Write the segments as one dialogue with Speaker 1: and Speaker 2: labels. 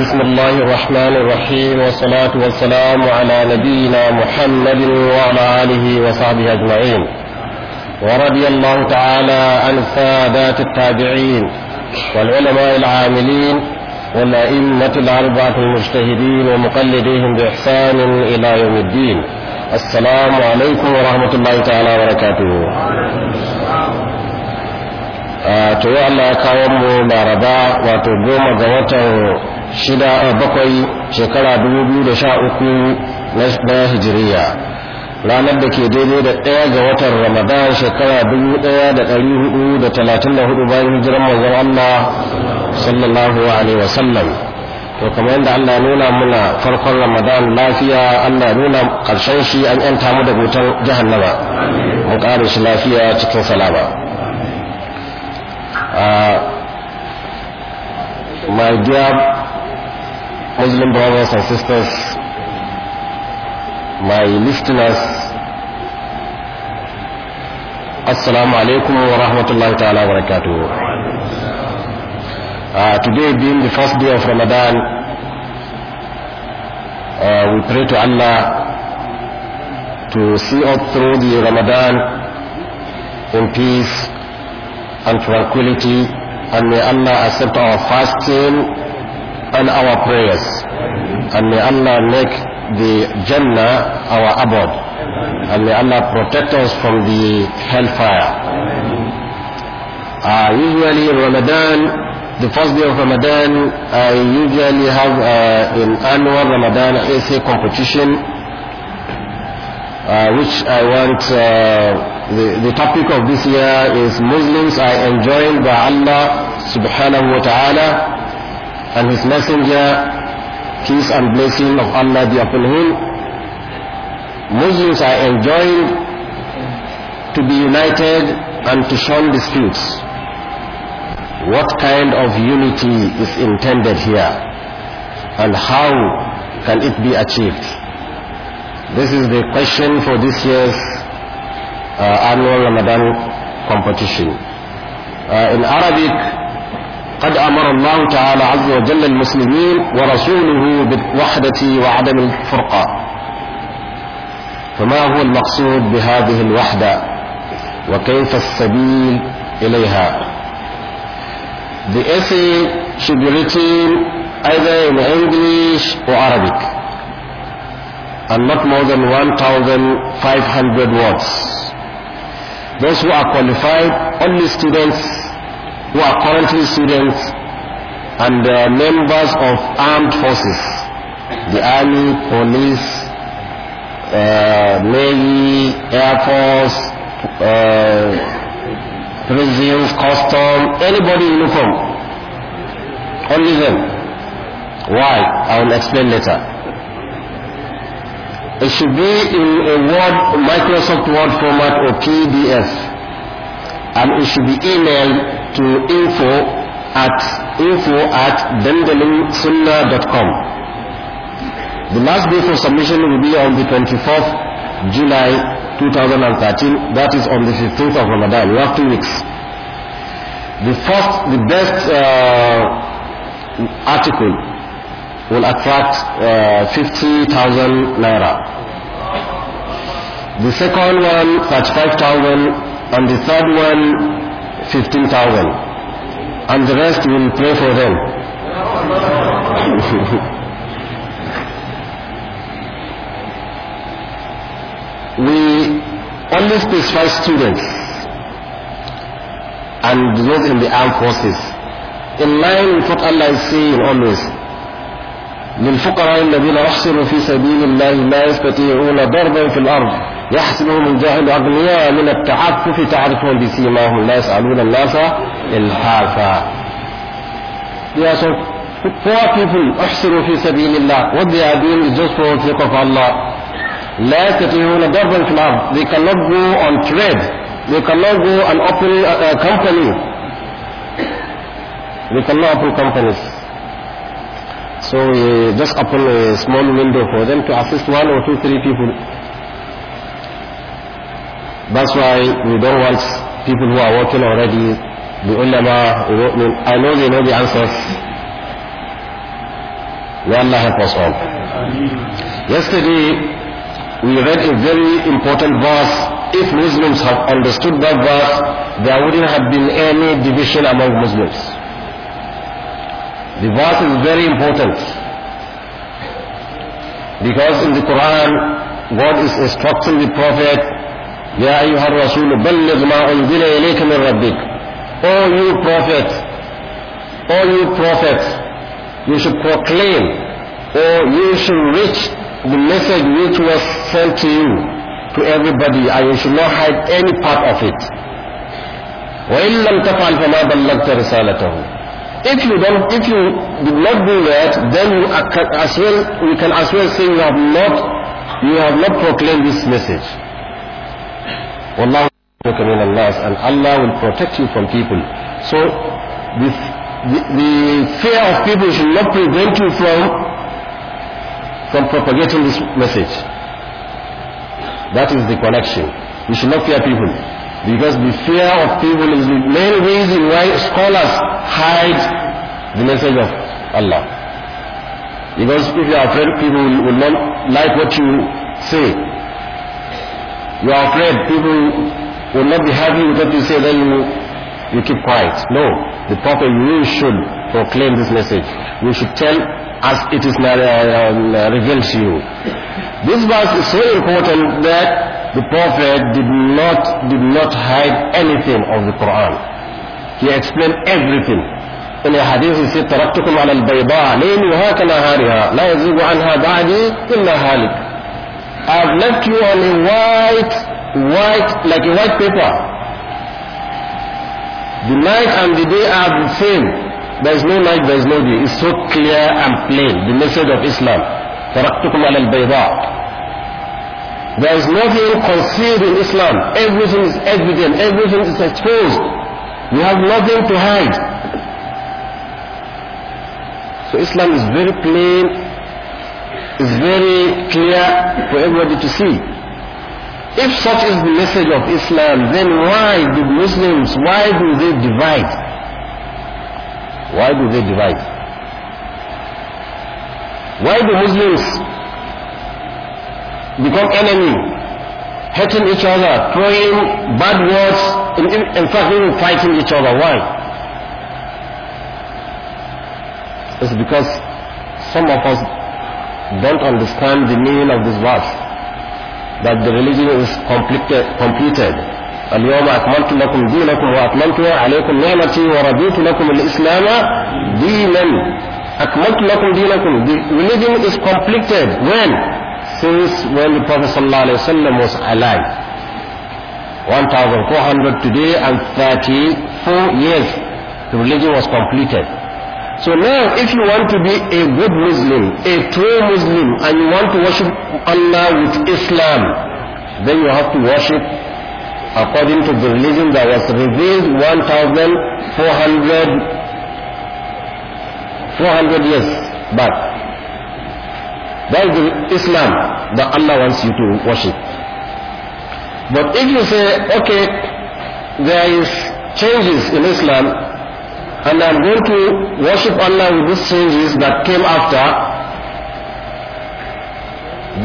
Speaker 1: بسم الله الرحمن الرحيم والصلاة والسلام على نبينا محمد وعلى آله وصحبه أجمعين ورضي الله تعالى عن سادات التابعين والعلماء العاملين والأئمة الأربعة المجتهدين ومقلديهم بإحسان إلى يوم الدين السلام عليكم ورحمة الله تعالى وبركاته to yi Allah ya kawo mu laraba shida a bakwai shekara dubu biyu da sha uku na hijiriya ranar da ke daidai da ɗaya ga watan ramadan shekara dubu ɗaya da ɗari hudu da talatin da hudu bayan hijiran manzon allah sallallahu alaihi wasallam to kamar yadda allah nuna muna farkon ramadan lafiya allah nuna ƙarshen shi an yanta mu da jihar jahannama mu ƙara shi lafiya cikin salama ah, my dear Muslim brothers and sisters, my listeners, Assalamu alaikum wa rahmatullahi ta'ala wa barakatuh. Uh, today being the first day of Ramadan, uh, we pray to Allah to see us through the Ramadan in peace and tranquility and may Allah accept our fasting and our prayers. And may Allah make the Jannah our abode. And may Allah protect us from the hellfire. Uh, usually in Ramadan, the first day of Ramadan, I usually have uh, an annual Ramadan essay competition, uh, which I want, uh, the, the topic of this year is Muslims are enjoying by Allah subhanahu wa ta'ala and his messenger, peace and blessing of Allah be upon him, Muslims are enjoined to be united and to shun disputes. What kind of unity is intended here and how can it be achieved? This is the question for this year's uh, annual Ramadan competition. Uh, in Arabic, قد أمر الله تعالى عز وجل المسلمين ورسوله بالوحدة وعدم الفرقة فما هو المقصود بهذه الوحدة وكيف السبيل إليها The essay should be written either in English or Arabic and not more than 1,500 words. Those who are qualified, only students who are currently students and uh, members of armed forces, the army, police, uh, navy, air force, uh, prisons, custom, anybody in uniform. Only them. Why? I will explain later. It should be in a Word, Microsoft Word format or PDF, and it should be emailed to info at info at dandalinsunnah.com. The last day for submission will be on the 24th July 2013. That is on the 15th of Ramadan. We have two weeks. The first, the best uh, article will attract uh, 50,000 naira. The second one, 35,000. And the third one, 15,000 and the rest will pray for them. we only specify students and those in the armed forces in line with what Allah is saying always. للفقراء الذين أحصروا في سبيل الله لا يستطيعون ضربا في الأرض يحسبهم الجاهل أغنياء من التعفف تعرفهم بسيماهم لا يسألون الناس إلحافا يا شوف poor people أحصروا في سبيل الله what they are doing الله لا يستطيعون ضربا في الأرض they cannot go on trade they cannot go and open a company they cannot open companies So we just open a small window for them to assist one or two, three people. That's why we don't want people who are working already, the ulama, I know they know the answers. May Allah help us all. Yesterday, we read a very important verse if Muslims have understood that verse, there wouldn't have been any division among Muslims. The verse is very important. Because in the Quran, God is instructing the Prophet, يا أيها الرسول بلغ ma أنزل إليك من rabbik O you prophet, O you prophet, you should proclaim, or you should reach the message which was sent to you, to everybody, and you should not hide any part of it. وإن لم تفعل فما بلغت رسالته If you don't, if you did not do that, then you as well, we can as well say you have not, you have not proclaimed this message. and Allah will protect you from people. So this, the, the fear of people should not prevent you from from propagating this message. That is the connection. You should not fear people. Because the fear of people is the main reason why scholars hide the message of Allah. Because if you are afraid, people will not like what you say. You are afraid, people will not be happy with what you say, then you, you keep quiet. No, the Prophet, you should proclaim this message. You should tell as it is uh, uh, revealed to you. This verse is so important that the Prophet did not, did not hide anything of the Quran. He explained everything. In a hadith he said, تَرَكْتُكُمْ عَلَى الْبَيْضَاءِ لَيْلُهَا كَنَهَارِهَا لَا يَزِيغُ عَنْهَا illa halik." هَالِكٌ I've left you on a white, white, like a white paper. The night and the day are the same. There is no night, there is no day. It's so clear and plain, the message of Islam. Taraktukum al الْبَيْضَاءِ there is nothing concealed in Islam. Everything is evident. Everything is exposed. We have nothing to hide. So Islam is very plain. It's very clear for everybody to see. If such is the message of Islam, then why do Muslims, why do they divide? Why do they divide? Why do Muslims become enemy, hating each other, throwing bad words, in, in fact, even fighting each other. Why? It's because some of us don't understand the meaning of this verse that the religion is completed. completed. اليوم أكملت لكم دينكم وأتممت عليكم نعمتي ورضيت لكم الإسلام دينا أكملت لكم دينكم the religion is completed when since when the Prophet Wasallam was alive. 1,400 today and 34 years the religion was completed. So now if you want to be a good Muslim, a true Muslim and you want to worship Allah with Islam, then you have to worship according to the religion that was revealed 1,400 400 years back. That is Islam that Allah wants you to worship. But if you say, okay, there is changes in Islam, and I'm going to worship Allah with these changes that came after,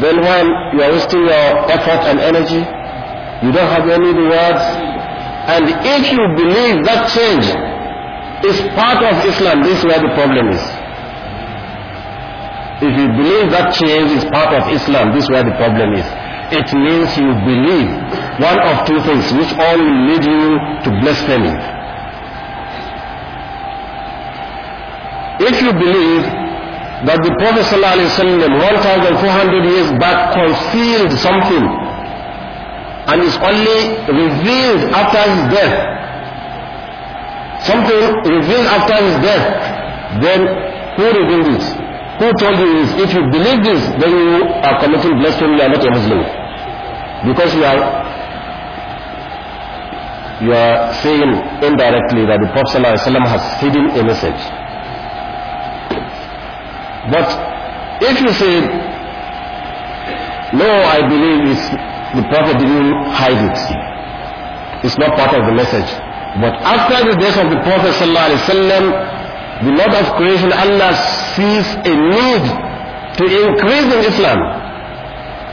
Speaker 1: then when you are wasting your effort and energy, you don't have any rewards, and if you believe that change is part of Islam, this is where the problem is. If you believe that change is part of Islam, this is where the problem is. It means you believe one of two things, which all will lead you to blasphemy. If you believe that the Prophet ﷺ 1,400 years back concealed something and is only revealed after his death, something revealed after his death, then who revealed it? Who told you this? If you believe this, then you are committing blasphemy, you are not a Muslim. Because you are you are saying indirectly that the Prophet ﷺ has hidden a message. But if you say, no, I believe it's, the Prophet didn't hide it, it's not part of the message. But after the death of the Prophet ﷺ, the Lord of creation, Allah sees a need to increase in Islam.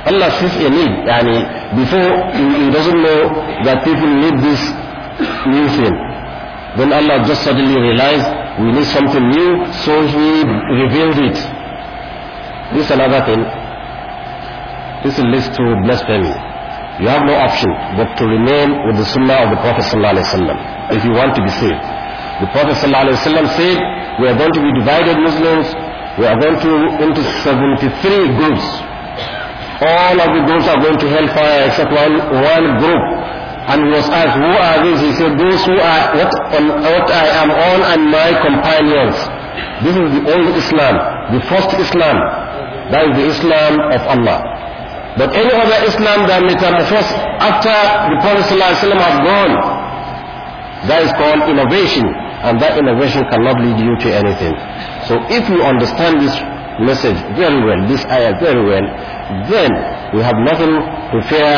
Speaker 1: Allah sees a need. Yani before he doesn't know that people need this new thing. Then Allah just suddenly realized we need something new, so he revealed it. This is another thing. This leads to blasphemy. You have no option but to remain with the Sunnah of the Prophet ﷺ if you want to be saved. The Prophet ﷺ said, we are going to be divided Muslims, we are going to into 73 groups. All of the groups are going to hellfire except one, one group. And he was asked, who are these? He said, those who are what, on, what I am on and my companions. This is the old Islam, the first Islam. That is the Islam of Allah. But any other Islam that metamorphosed after the Prophet ﷺ has gone, That is called innovation, and that innovation cannot lead you to anything. So if you understand this message very well, this ayah very well, then we have nothing to fear.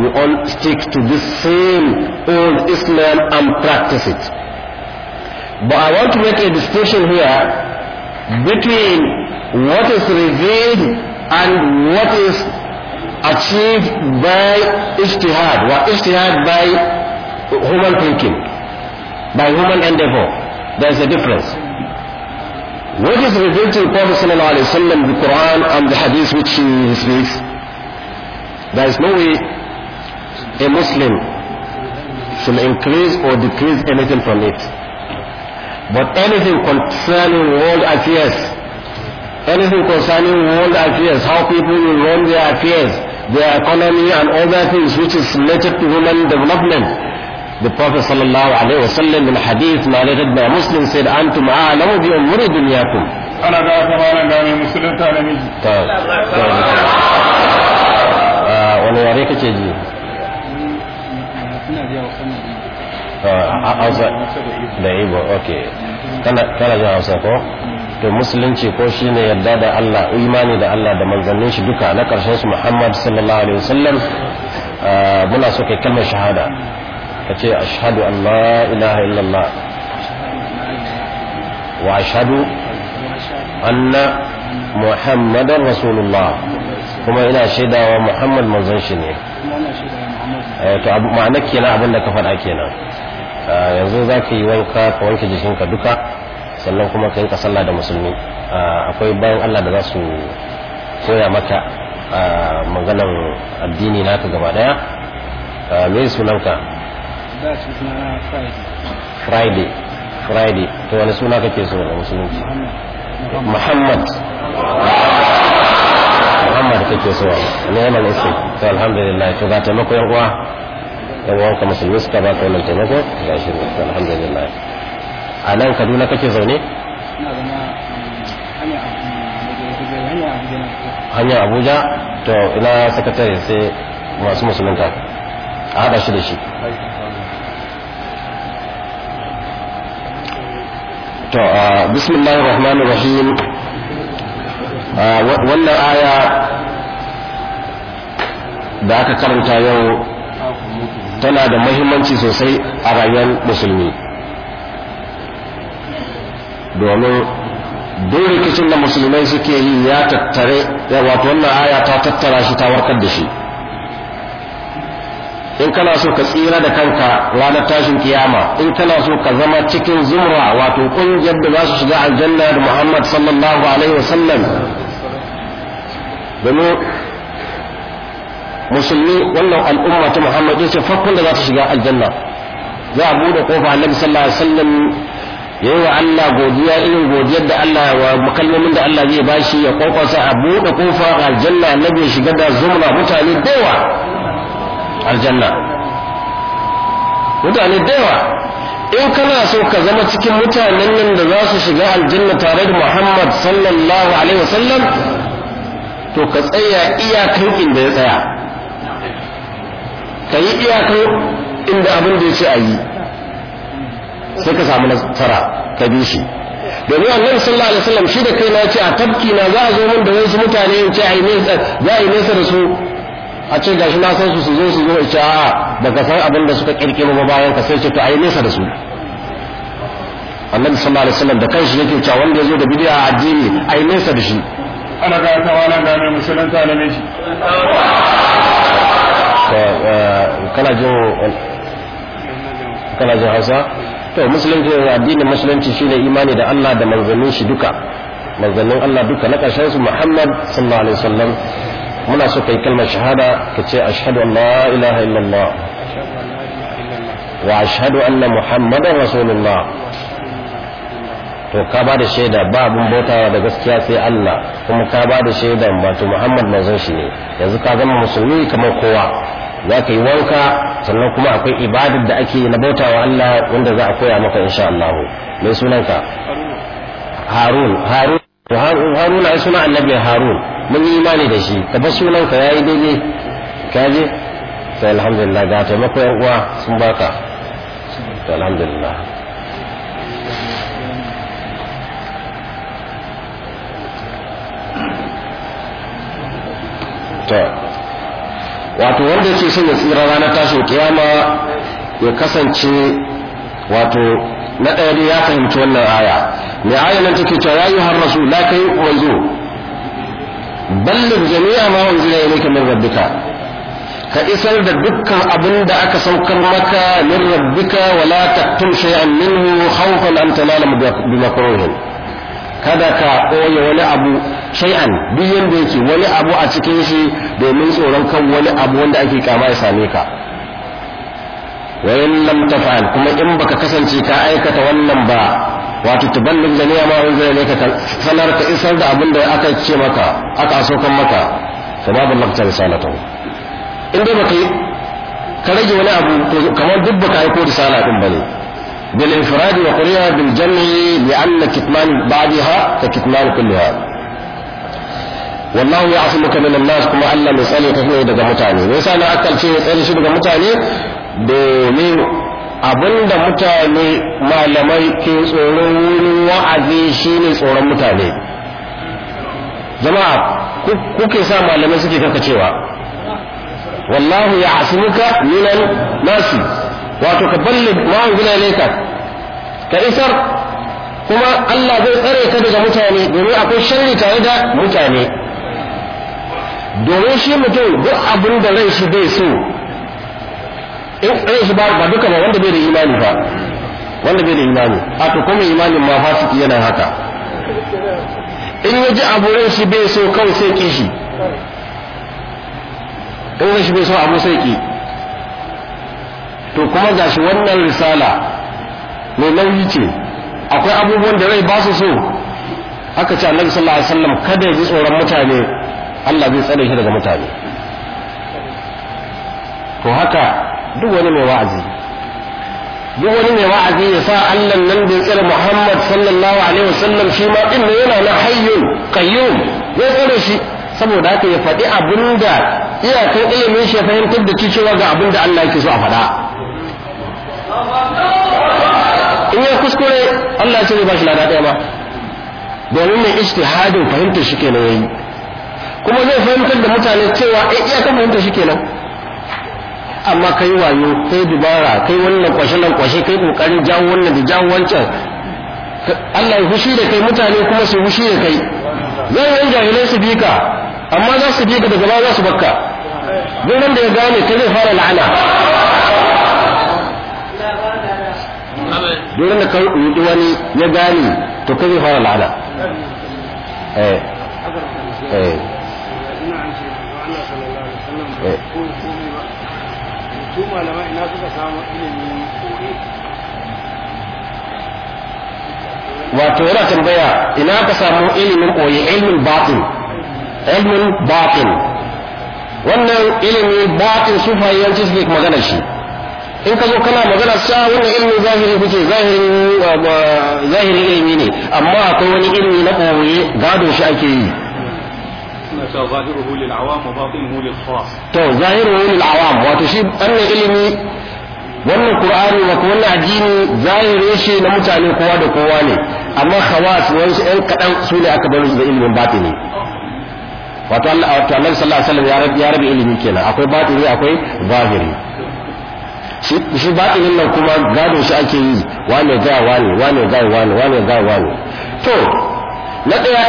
Speaker 1: We all stick to this same old Islam and practice it. But I want to make a distinction here between what is revealed and what is achieved by ijtihad, or ijtihad by human thinking. by human endeavor. There's a difference. What is revealed to the Prophet sallallahu alaihi wasallam, the Quran and the Hadith which he speaks, there is no way a Muslim should increase or decrease anything from it. But anything concerning world affairs, anything concerning world affairs, how people will run their affairs, their economy and all that things which is related to human development, The Prophet sallallahu alaihi wasallam in hadith narrated by Muslim said, "Antum a'lamu bi umuri dunyakum."
Speaker 2: Ana da wata malam da mai musulunta na ta To. Ah, wani yare kake ji?
Speaker 3: Ah, Hausa da Igbo, okay. Kana jin Hausa
Speaker 1: ko? to musulunci ko shine yarda da Allah imani da Allah da manzannin shi duka na karshen su Muhammad sallallahu alaihi wasallam ah, muna so kai kalmar shahada ka ce ashhadu an la ilaha illallah wa ashhadu anna muhammadan rasulullah kuma ina shaidawa muhammad manzon shi ne
Speaker 3: eh,
Speaker 2: to ma'ana kenan abin
Speaker 1: da ka faɗa kenan eh, yanzu za ka yi wanka ka wanke jikinka duka sannan kuma ka yi ka sallah da musulmi eh, akwai bayan allah da za su koya maka maganan addini naka gaba daya me sunanka friday friday to wani suna kake so da musulunci muhammad muhammad kake so ne yana nasi to alhamdulillah to ga taimako yan uwa yan uwa ka musulmi suka ba ka wannan taimako ga shi to alhamdulillah a nan kaduna kake zaune
Speaker 3: um,
Speaker 2: hanyar abuja to ina
Speaker 1: sakatare sai masu musulunta a haɗa shi da shi to bismillahir rahmanir rahim
Speaker 3: wannan aya
Speaker 1: da aka karanta yau tana da mahimmanci sosai a rayuwar musulmi domin duk rikicin da musulmai suke yi ya tattare wato wannan aya ta tattara shi ta warkar da shi in kana so ka tsira da kanka ranar tashin kiyama in kana so ka zama cikin zumra wato kungiyar da za su shiga aljanna da Muhammad sallallahu alaihi wasallam domin musulmi wannan al'umma ta Muhammad ya ce farkon da za su shiga aljanna za a bude kofa annabi sallallahu alaihi wasallam wa Allah godiya irin godiyar da Allah wa kalmomin da Allah zai bashi ya kwakwasa a bude kofa aljanna annabi ya shiga da zumra mutane da yawa aljanna mutane da yawa in kana so ka zama cikin mutanen nan da za su shiga aljanna tare da muhammad sallallahu alaihi wasallam
Speaker 3: to ka tsaya iyakar inda ya tsaya
Speaker 1: ka yi iyakar inda abin da ya ce a yi sai ka samu nasara ka bi shi
Speaker 3: domin annabi sallallahu alaihi wasallam shi da kai na ce a tafki na za a zo min da wasu mutane in ce za a yi nesa da
Speaker 1: su a ce gashi na san su su zo su zo ce a'a daga san abin da suka kirkiro ba bayan ka sai ce to ai nesa da su annabi sallallahu alaihi wasallam da kanshi yake cewa wanda ya zo da bid'a addini ai nesa da shi
Speaker 2: ana ga ta wala ne
Speaker 1: mai ta ne shi eh, kana jin kana jin hausa to musulunci addinin musulunci shine imani da Allah da manzannin shi duka manzannin Allah duka na ƙarshen su Muhammad sallallahu alaihi wasallam muna so kai kalmar shahada ka ce shahadu an la ilaha illallah wa ashhadu anna muhammadan rasulullah to ka ba da shaida ba abin bautawa da gaskiya sai Allah kuma ka ba da shaida wato Muhammad manzon shi ne yanzu ka zama musulmi kamar kowa za ka yi wanka sannan kuma akwai ibadar da ake na bautawa Allah wanda za a koya maka insha allahu mai sunanka Harun Harun to haruna ai suna annabi harun mun yi imani da shi ka bar sunan ka yayi daidai ka je sai alhamdulillah ga taimako yan uwa sun baka to alhamdulillah to wato wanda ke son ya tsira ranar tashin kiyama ya kasance wato na ɗaya ya fahimci wannan aya mai ayanan take cewa ya yi har rasu la kai wanzu ballin jami'a ma wanzu ya ne yake min rabbika ka isar da dukkan abin da aka saukar maka min rabbika wala taktum shay'an minhu khawfan an tanala bi makruhin kada ka ƙoya wani abu shay'an duk yanda yake wani abu a cikin shi domin tsoron kan wani abu wanda ake kama ya same ka wa in lam taf'al kuma in baka kasance ka aikata wannan ba wato tuballig jami'a ma unzila ne ka sanar ka isar da abin da aka ce maka aka kan maka fa ma ballagta in dai baka ka rage wani abu kamar duk baka aiko risala din bane
Speaker 3: bil infiradi wa quriya bil
Speaker 1: jam'i li'anna kitman ba'daha ka kitman kulliha wallahu ya'simuka min an-nas kuma Allah mai tsare ka daga mutane me yasa na akalce ya tsare shi daga mutane domin abinda mutane malamai ke tsoron wurin wa'azi shine tsoron mutane zama kuke sa malamai suke cewa, wallahu ya asimuka minan nasi wato ka balle ma'anguna ne ka ka isar kuma Allah zai tsare ka daga mutane domin akwai sharri tare da mutane domin shi mutum duk abin da rai shi bai so Eh, eh shi ba ba duka ba wanda bai da imani ba wanda bai da imani a to kuma imanin ma fasiki yana haka in ya ji aburin shi bai so kawai sai ki shi in shi bai so abu sai ki to kuma gashi wannan risala mai nauyi ce akwai abubuwan da rai ba su so aka ce annabi sallallahu alaihi wasallam kada ya ji tsoron mutane Allah zai tsare shi daga mutane to haka duk wani mai wa'azi duk wani mai wa'azi ya sa Allah nan da tsira Muhammad sallallahu alaihi wasallam shi ma din yana na hayyun qayyum ya tsare shi saboda haka ya faɗi abin da iyakar ilimin shi ya fahimtar da ki cewa ga abin da Allah yake so a faɗa
Speaker 3: in ya kuskure Allah ya ce ba shi lada ɗaya ba
Speaker 1: domin mai ijtihadin fahimtar shi kenan yayi kuma zai fahimtar da mutane cewa eh iya kan fahimtar shi kenan amma kai wayo kai dubara kai wannan kwashe nan kwashe kai kokarin jawo wannan da jawo wancan Allah ya hushi da kai mutane kuma su hushi da kai
Speaker 3: yi jahilai su bika amma za su bika daga ba za su bakka duk wanda ya gane kai zai fara la'ana duk wanda ka yi wani ya gane to kai zai fara la'ana
Speaker 2: eh eh, eh. su malamai ina suka samu ilimin kore
Speaker 3: wato yana tambaya ina ka samu ilimin koyi
Speaker 1: ilimin batin ilimin batin wannan ilimin batin sufayiyanci suke magana shi in ka zo kana magana sa wannan ilimin zahiri kuke eh, zahirin ilimi ne amma akwai wani ilimi na koyi gado shi ake yi
Speaker 2: suna zahiruhu lil awam wa batinuhu lil khas to zahiruhu
Speaker 1: lil awam wato shi wannan ilimi wannan qur'ani da kuma wannan addini zahirin shi na mutane kowa da kowa ne amma khawas wasu ɗan kaɗan su ne aka bar su da ilimin batini wato Allah wato Allah sallallahu alaihi wasallam ya rabi ya rabi ilimi kenan akwai batini akwai zahiri shi batinin nan kuma gado shi ake yi wane ga wane wane ga wane wane ga wane to na ɗaya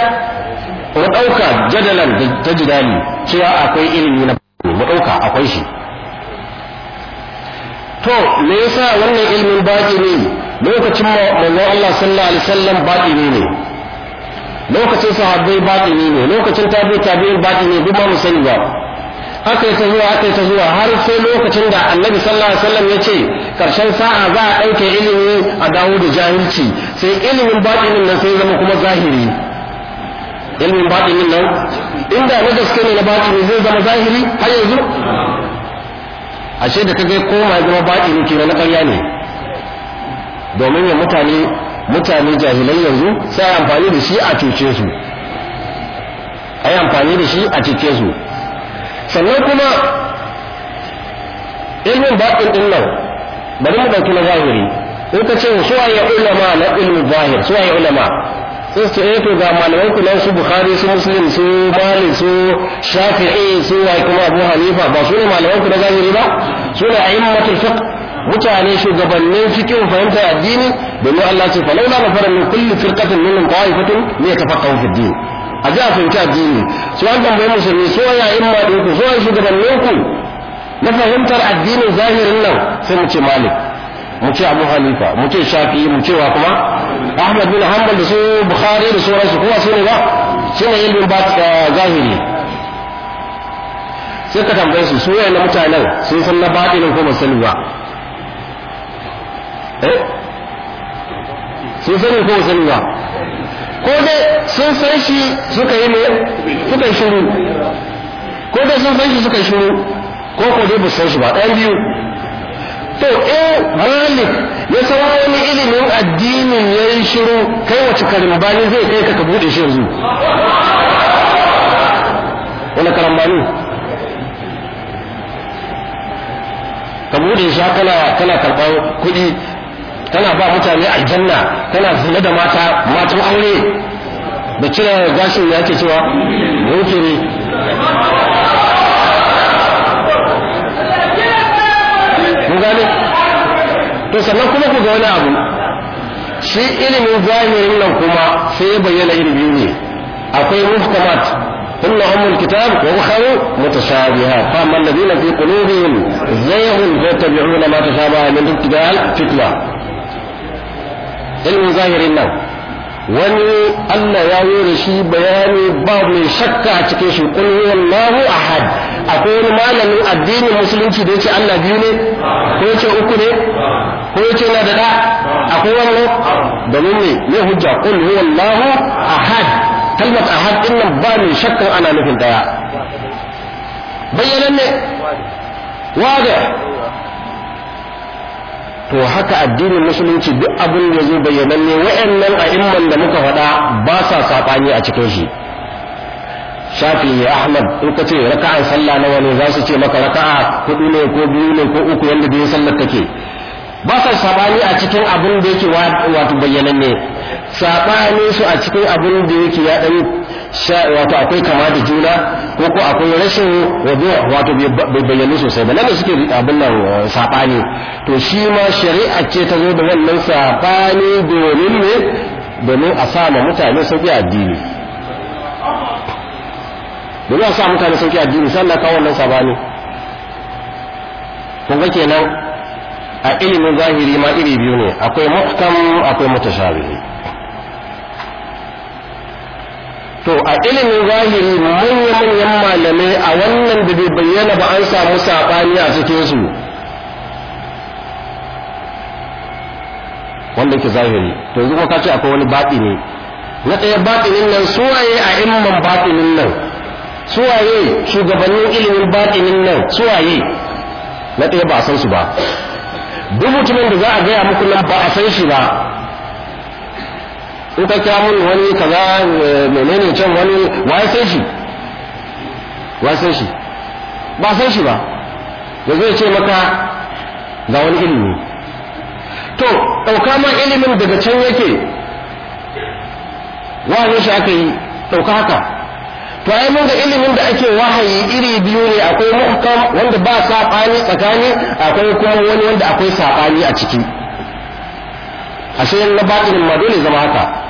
Speaker 1: mu ɗauka jadalan ta jidali cewa akwai ilimi na mu ɗauka akwai shi to me yasa wannan ilimin baƙi ne lokacin manzo Allah sallallahu alaihi wasallam baƙi ne lokacin sahabbai baƙi ne lokacin tabi'i tabi'in baƙi ne duk ba mu sani ba aka ta zuwa aka ta zuwa har sai lokacin da annabi sallallahu alaihi wasallam ya ce karshen sa'a za a ɗauke ilimi a dawo da jahilci sai ilimin baki nan sai zama kuma zahiri ilmin batinin nan inda na gaske ne na batini zai zama zahiri har yanzu ashe da kaga koma ya zama batini kenan na ƙarya ne domin ya mutane mutane jahilai yanzu sai amfani da shi a cuce su a yi amfani da shi a cuce su sannan kuma ilmin batin din nan bari mu ɗauki na zahiri in ka ce suwaye ulama na ilmin zahir suwaye ulama sai ce eh ga malaman ku nan su bukhari su muslim su malik su shafi'i su wa kuma abu hanifa ba su ne malaman ku na zahiri ba su ne a'immatul fiqh mutane shugabannin cikin fahimta addini domin Allah ce falaula nafara min kulli firqatin minhum ta'ifatun li yatafaqahu fi din a ji a fahimci addini su an tambayi musulmi su ya imma ɗinku su ya shugabannin ku na fahimtar addinin zahirin nan sai mu ce malik mu ce abu hanifa mu ce shafi mu wa kuma ahmad bin hanbal da su bukhari da sauransu kuma su ne ba
Speaker 3: su ne ilmin ba eh, zahiri
Speaker 1: sai ka tambaye su su na mutanen sun san na batinin ko ba sani ba eh? sun sani ko sani ba ko dai sun san shi suka yi ne suka yi shiru ko dai sun san shi suka yi shiru ko ko dai ba san shi ba ɗayan biyu to eh malik ya sawa wani ilimin addinin ya yi shiru kai wace bani zai kai ka ka buɗe shi yanzu
Speaker 3: wani karambani ka buɗe shi kana kana karɓar kuɗi tana ba mutane aljanna tana zina da mata matan aure da cire gashin
Speaker 1: da ake cewa rukiri ذلك to sannan kuma ku ga wani abu shi ilimin zahirin nan kuma أم الكتاب وأخر متشابهات فأما الذين في قلوبهم زيغ فيتبعون ما تشابه من ابتداء الفتنة علم ظاهر النوم wani Allah ya yi da shi bayani ba mai shakka a cikin shi kun wallahu ahad akwai wani malamin addinin musulunci da yake Allah biyu ne ko yace uku ne ko yace na da akwai wani domin ne ne hujja kun wallahu ahad kalmar ahad din nan ba mai shakkan ana nufin daya Bayyana ne waga to haka addinin musulunci duk abin da bayyana bayyananne wa'annan a'imman da muka faɗa ba sa saɓani a cikin shi shafi ya ahmad in ka ce raka'an sallah nawa ne za su ce maka raka'a hudu ne ko biyu ne ko uku yanda da sallar take ba sa sabani a cikin abin da yake wato bayyananne sabani su a cikin abin da yake ya dan wato akwai kama da juna ko ko akwai rashin wazo wato bai bayyana sosai ba nan suke abin nan eh, sabani to shi ma shari'a ce ta zo da wannan sabani domin ne domin a sa ma mutane sauki addini domin a sa mutane sauki addini sai Allah kawo wannan sabani kun ga kenan a ilimin zahiri ma iri biyu ne akwai muhkam akwai mutashabihi to a ilimin zahiri manya-manyan malamai a wannan da bai bayyana ba an samu saɓani a cikinsu wanda ke zahiri to yanzu kuma kace akwai wani ne. na ɗaya baɗinin nan suwaye a imman baɗinin nan suwaye shugabannin ilimin baɗinin nan suwaye na ɗaya ba a san su ba duk mutumin da za a gaya muku nan ba a san shi ba in ka kira mun wani kaza eh, menene can wani wa ya san shi wa ya san shi ba san shi ba da zai ce maka ga wani ilimi to ɗauka ma ilimin daga can yake wahayin shi aka yi ɗauka haka to ai mun ga ilimin da ake wahayi iri biyu ne akwai muhkam wanda ba saɓani tsakani akwai kuma wani wanda akwai saɓani a ciki ashe na baɗin ma dole zama haka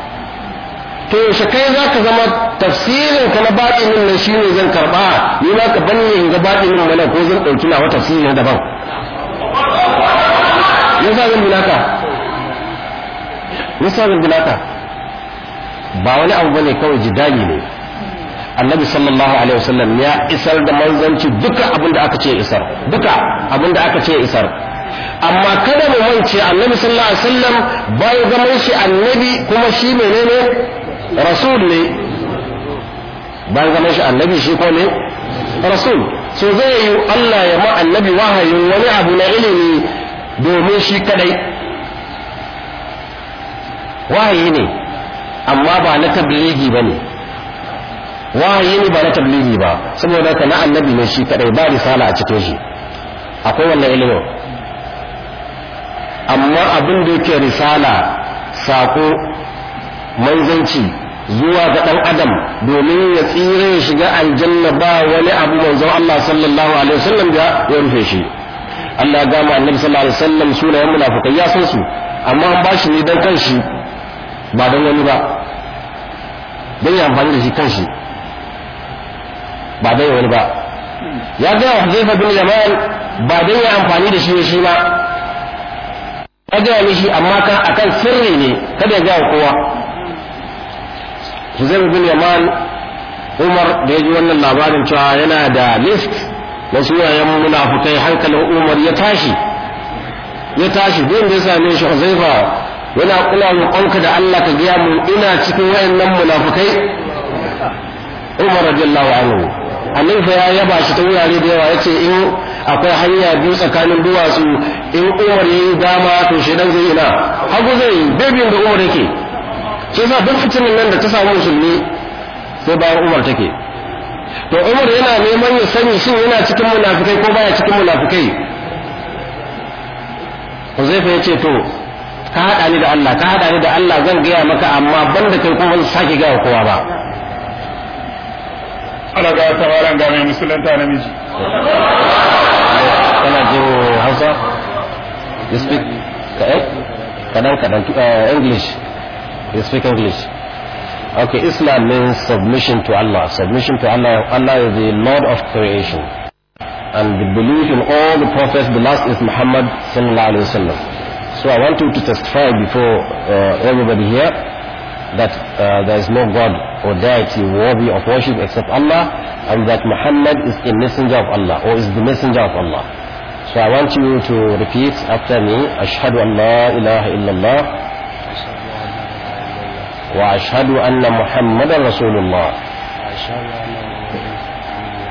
Speaker 1: to yaushe kai za ka zama tafsirin ka na baɗinin nan shi ne zan karɓa ni ma ka bani in ga baɗinin mana ko zan ɗauki nawa tafsirin daban
Speaker 3: yasa zan bilaka
Speaker 1: ni yasa zan bilaka ba wani abu bane kawai jidali ne annabi sallallahu alaihi wasallam ya isar da manzanci duka abin da aka ce isar duka abin da aka ce isar amma kada mu mance annabi sallallahu alaihi wasallam bai zama shi annabi kuma shi menene rasul ne bayan zaman shi annabi shi ko ne rasul so zai yi Allah ya ma annabi wahayin wani abu na ilimi domin shi kadai wahayi ne amma ba na tabligi ba ne wahayi ne ba na tabligi ba saboda ka na annabi ne shi kadai ba risala a cikin shi akwai wannan ilimin amma abin da yake risala sako manzanci zuwa ga ɗan adam domin ya tsira ya shiga aljanna ba wani abu manzon Allah sallallahu alaihi wasallam da ya rufe shi Allah ga gama annabi sallallahu alaihi wasallam sunayen munafikai ya san su amma an bashi ne dan kanshi ba dan wani ba dan ya amfani da shi kanshi ba dan wani ba
Speaker 3: ya ga Huzaifa bin Yaman ba dan ya amfani da shi shi ba
Speaker 1: ya ga mishi amma kan akan sirri ne kada ya ga kowa Huzair bin Yaman Umar da ya ji wannan labarin cewa yana da list na sunayen munafukai hankalin Umar ya tashi ya tashi duk da ya same shi Huzaifa yana kula roƙonka da Allah ka gaya mu ina cikin wayannan munafukai
Speaker 3: Umar radiyallahu anhu fa ya yaba shi ta wurare da yawa yace in akwai
Speaker 1: hanya biyu tsakanin duwatsu in Umar yayi dama to shi dan zai ina hagu zai bebin da Umar yake sai sa duk fitinin nan da ta samu musulmi sai bayan umar take to umar yana neman ya sani shin yana cikin munafikai ko baya cikin munafikai Huzaifa ya ce to
Speaker 3: ka haɗa ni da Allah ka haɗa ni da Allah zan gaya maka amma banda kai kuma sake gaya kowa ba Allah ga tawaran ga mai
Speaker 2: musulunta namiji
Speaker 3: kana jin Hausa you speak eh?
Speaker 1: kaɗan kaɗan eh, English You speak English. Okay, Islam means submission to Allah. Submission to Allah. Allah is the Lord of creation. And the belief in all the prophets, the last is Muhammad sallallahu alayhi wasallam. So I want you to testify before uh, everybody here that uh, there is no God or deity worthy of worship except Allah and that Muhammad is a messenger of Allah or is the messenger of Allah. So I want you to repeat after me, Ashhadu an la ilaha illallah وأشهد أن محمدا رسول الله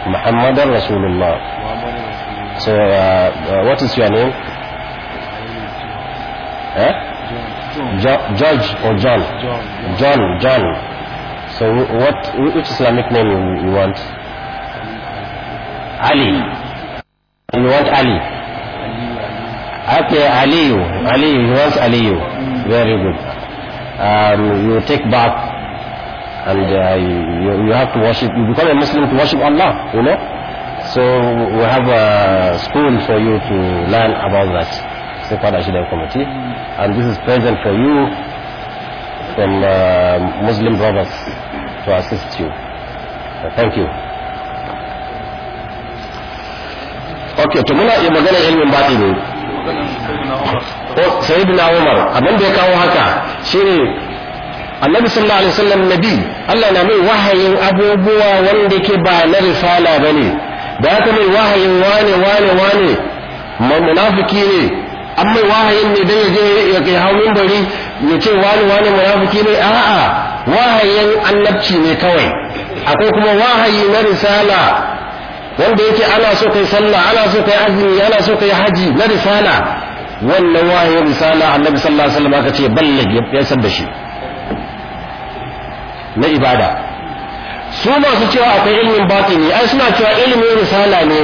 Speaker 1: محمد رسول الله so uh, what is your name eh? John. George or John John John so what which Islamic name you, you want Ali you want Ali okay Aliyu Aliyu he wants Aliyu very good um, you take back and uh, you, you have to worship. You become a Muslim to worship Allah, you know. So we have a school for you to learn about that. Sequoia Ashidai Committee. And this is present for you from uh, Muslim brothers to assist you. Uh, thank you. Okay, to muna magana ilmin baɗi
Speaker 3: ne. sayyidina umar abin da ya kawo haka
Speaker 1: shine annabi sallallahu alaihi wasallam nabi Allah na mai wahayin abubuwa wanda ke ba na risala bane da haka mai wahayin wane wane wane munafiki ne an mai wahayin ne dan yaje ya kai hawun bari ya ce wane wane munafiki ne a'a wahayin annabci ne kawai akwai kuma wahayi na risala wanda yake ana so kai sallah ana so kai azumi ana so kai haji na risala wannan wahayin risala annabi sallallahu alaihi wasallam kace ce ya san da shi na ibada su masu cewa akwai ilimin batini ai suna cewa ilimin risala ne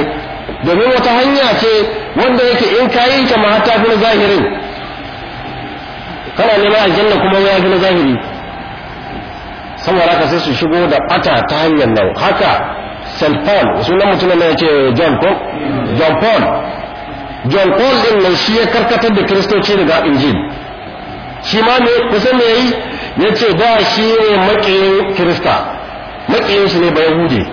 Speaker 1: domin wata hanya ce wanda yake in kayi ta ma ta fi zahirin kana neman aljanna kuma ya fi zahiri saboda haka sai su shigo da bata ta hanyar nan haka St. Paul sunan mutumin ne ya ce John John Paul John Paul din nan shi ya karkatar da kristoci daga injil shi ma ne kusan me yayi ya ce ba shi ne maƙiyin kirista maƙiyin shi ne ba yahudi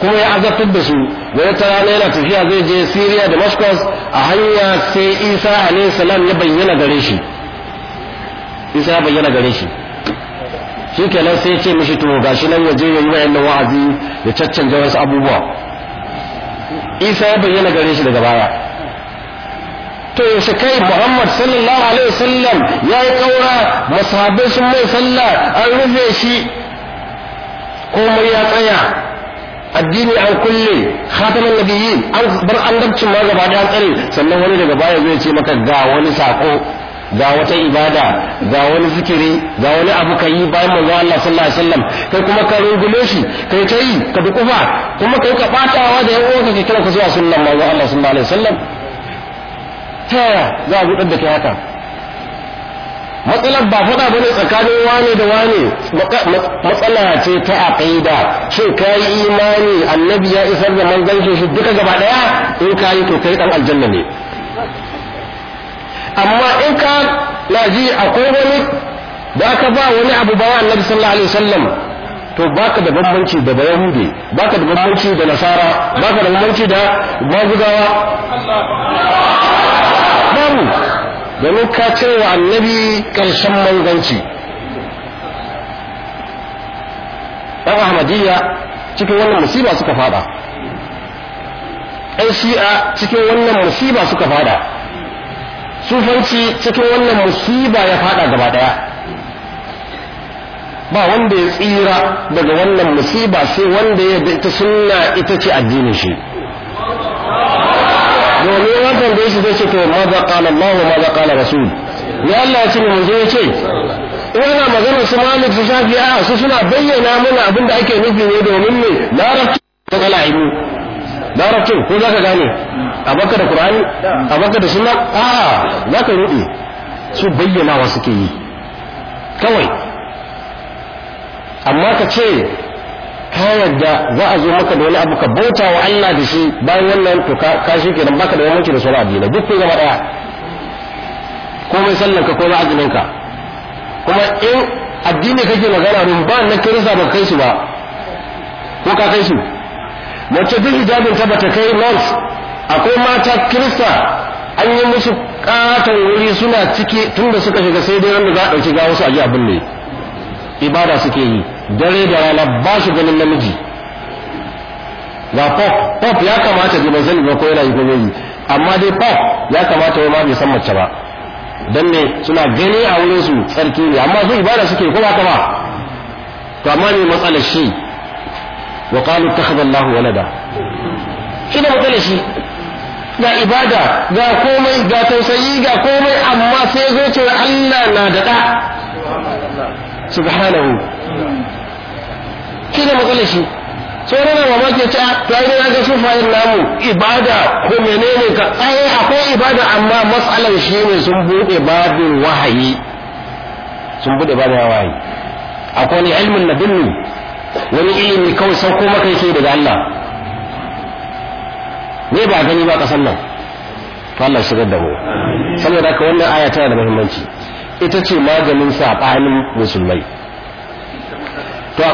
Speaker 1: kuma ya azabtar da su wani ta rana yana tafiya zai je syria damascus a hanya sai isa alayhi salam ya bayyana gare shi isa ya bayyana gare shi shi kenan sai ya ce mishi to gashi nan ya je ya yi wa'annan wa'azi ya caccanja wasu abubuwa isa ya bayyana gare shi daga baya to yaushe kai Muhammad sallallahu alaihi wasallam ya yi kaura masahabai sun mai sallah an rufe shi komai ya tsaya addini an kulle khatamin nabiyyi an bar annabcin ma gaba da tsare sannan wani daga baya zai ce maka ga wani sako ga wata ibada ga wani zikiri ga wani abu ka yi bayan manzo Allah sallallahu alaihi wasallam kai kuma ka rungume shi kai ta yi ka dukufa kuma kai ka batawa da yan uwanka ka kira ku zuwa sunnan manzo Allah sallallahu alaihi wasallam taya za a gudar da kai haka matsalar ba faɗa bane tsakanin wane da wane matsala ce ta aqida shin yi imani annabi ya isar da manzancin shi duka gaba ɗaya in yi to kai ɗan aljanna ne
Speaker 3: amma in ka
Speaker 1: laji akwai wani da ka ba wani abu ba wa annabi sallallahu alaihi wasallam to baka da bambanci da ba baka da bambanci da nasara baka da bambanci da magudawa domin ka cire wa annabi ƙarshen manzanci ɗan ahmadiyya cikin wannan musiba suka fada ɗan shi'a cikin wannan musiba suka fada sufanci cikin wannan musiba ya fada gaba ɗaya ba wanda ya tsira daga wannan musiba sai wanda ya ita sunna ita ce addinin shi domin wannan da su zai ce to ma za qala Allah ma za qala rasul ya Allah ya ce manzo ya ce ina magana su Malik su Shafi'a su suna bayyana mana abin da ake nufi ne domin ne larabci ko kala ilmi larabci ko za ka gane a baka da Qur'ani a baka da sunna a'a za ka rubi su bayyanawa suke yi kawai amma ka ce Ta yarda za a zo maka da wani abu ka bauta wa Allah da shi bayan wannan to ka shi kenan baka da wani da sura addinai duk kun gaba daya komai sallar ka komai azumin ka kuma in addini kake magana ba na kirista ba kai su ba ko ka kai su mace duk hijabin ta bata kai nons akwai mata kirista an yi musu katon wuri suna ciki tunda suka shiga sai dai wanda za a ɗauki ga wasu a abin ne ibada suke yi dare da rana ba shi ganin namiji ga pop pop ya kamata dai ba zan ba ko yana yi ko yi amma dai pop ya kamata wai ma bai san mace ba dan ne suna gani a wurin su tsarki ne amma su ibada suke ko ba ka ba to amma ne matsalar shi wa qalu takhadha Allahu walada
Speaker 3: shi da matsalar shi
Speaker 1: ga ibada ga komai ga tausayi ga komai amma sai zo ce Allah na da
Speaker 2: da
Speaker 1: subhanahu shi ne matsala shi sai ah, na mamaki ke ta to da ga sufayin namu ibada ko menene ka ai akwai ibada amma matsalar shi ne sun bude babin wahayi sun bude babin wahayi akwai ne ilmin ladunni wani ilimi kawai sauko maka yake daga Allah ne ba gani ba kasan nan to Allah shigar da mu saboda haka wannan aya tana da muhimmanci ita ce maganin sabanin musulmai to eh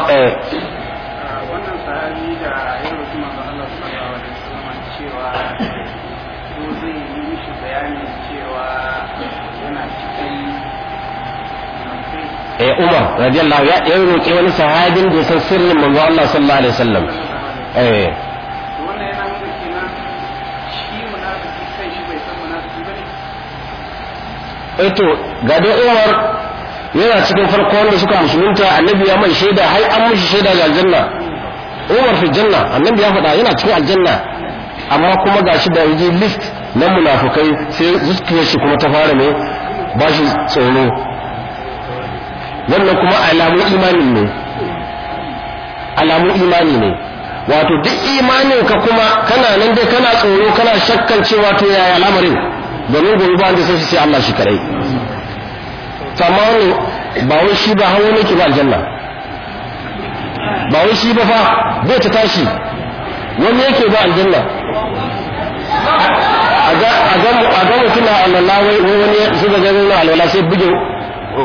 Speaker 2: wannan sahabi da ya Allah sallallahu alaihi wasallam cewa ko zai yi bayani cewa yana cikin eh Umar radiyallahu ya ya wani sahabin da san sirrin manzo
Speaker 1: Allah sallallahu alaihi wasallam
Speaker 2: eh wannan
Speaker 1: yana eh, Umar
Speaker 3: yana cikin farko wanda suka musulunta annabi ya mai shaida hai an mishi
Speaker 1: shaida ga aljanna umar fi janna annabi ya faɗa yana cikin aljanna amma kuma shi da yaje list na munafukai sai zuciyar shi kuma ta fara ne ba shi tsoro wannan kuma alamun imani ne alamun imani ne wato duk imanin ka kuma kana nan dai kana tsoro kana shakkan cewa to yaya lamarin domin gobe ba wanda sai sai Allah shi kadai to ba wai shi ba hawo nake ba aljanna ba wai shi ba fa zai ta tashi wani yake ba aljanna
Speaker 3: a ga mutum na alwala wai wani su ga gani na alwala sai bugin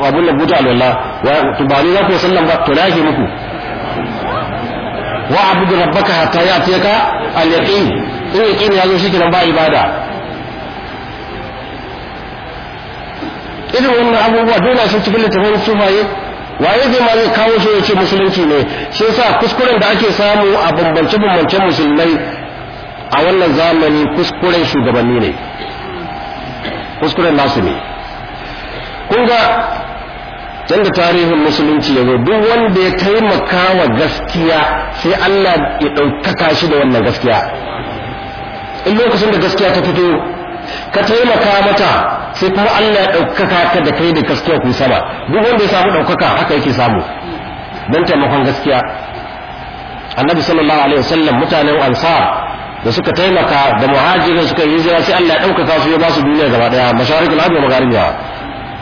Speaker 1: abun da buta alwala ya ba za ku sallan ba to na yake muku wa abu da rabbaka hatta ya'tiyaka al alyaƙi in ne ya zo shi kenan ba ibada irin wannan abubuwa dole su cikin littafin sufaye waye zai ma zai kawo shi ya ce musulunci ne shi yasa kuskuren da ake samu a bambance bambancen musulmai a wannan zamani kuskuren shugabanni ne kuskuren nasu ne kun ga yadda tarihin musulunci ya zo duk wanda ya taimaka wa gaskiya sai Allah ya ɗaukaka shi da wannan gaskiya in lokacin da gaskiya ta fito ka taimaka mata sai kuma Allah ya ɗaukaka ka da kai da gaskiya ku sama duk wanda ya samu ɗaukaka haka yake samu don taimakon gaskiya annabi sallallahu alaihi wasallam mutanen ansar da suka taimaka da muhajirin suka yi hijira sai Allah ya ɗaukaka su ya ba su duniya gaba ɗaya masharikul abu magharibiha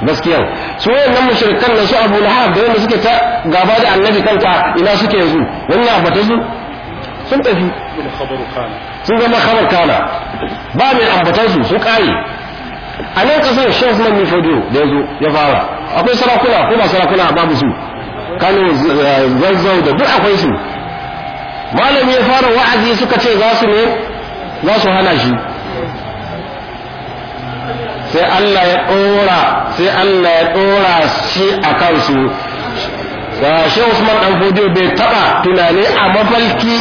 Speaker 1: gaskiya su wayannan mushrikan na su Abu Lahab da wanda suke ta gaba da annabi kanta ina suke yanzu wannan ba ta su sun tafi sun zama khabar kana ba mai ambatar su su kare a nan kasar shef man nifodiyo da ya zo ya fara akwai sarakuna ko ba sarakuna babu su kano zazzau da duk akwai su malami ya fara wa'azi suka ce za su ne
Speaker 3: za su hana shi sai Allah ya ɗora sai Allah ya ɗora shi a kansu shehu Usman dan Fodiyo bai taɓa
Speaker 1: tunani a mafalki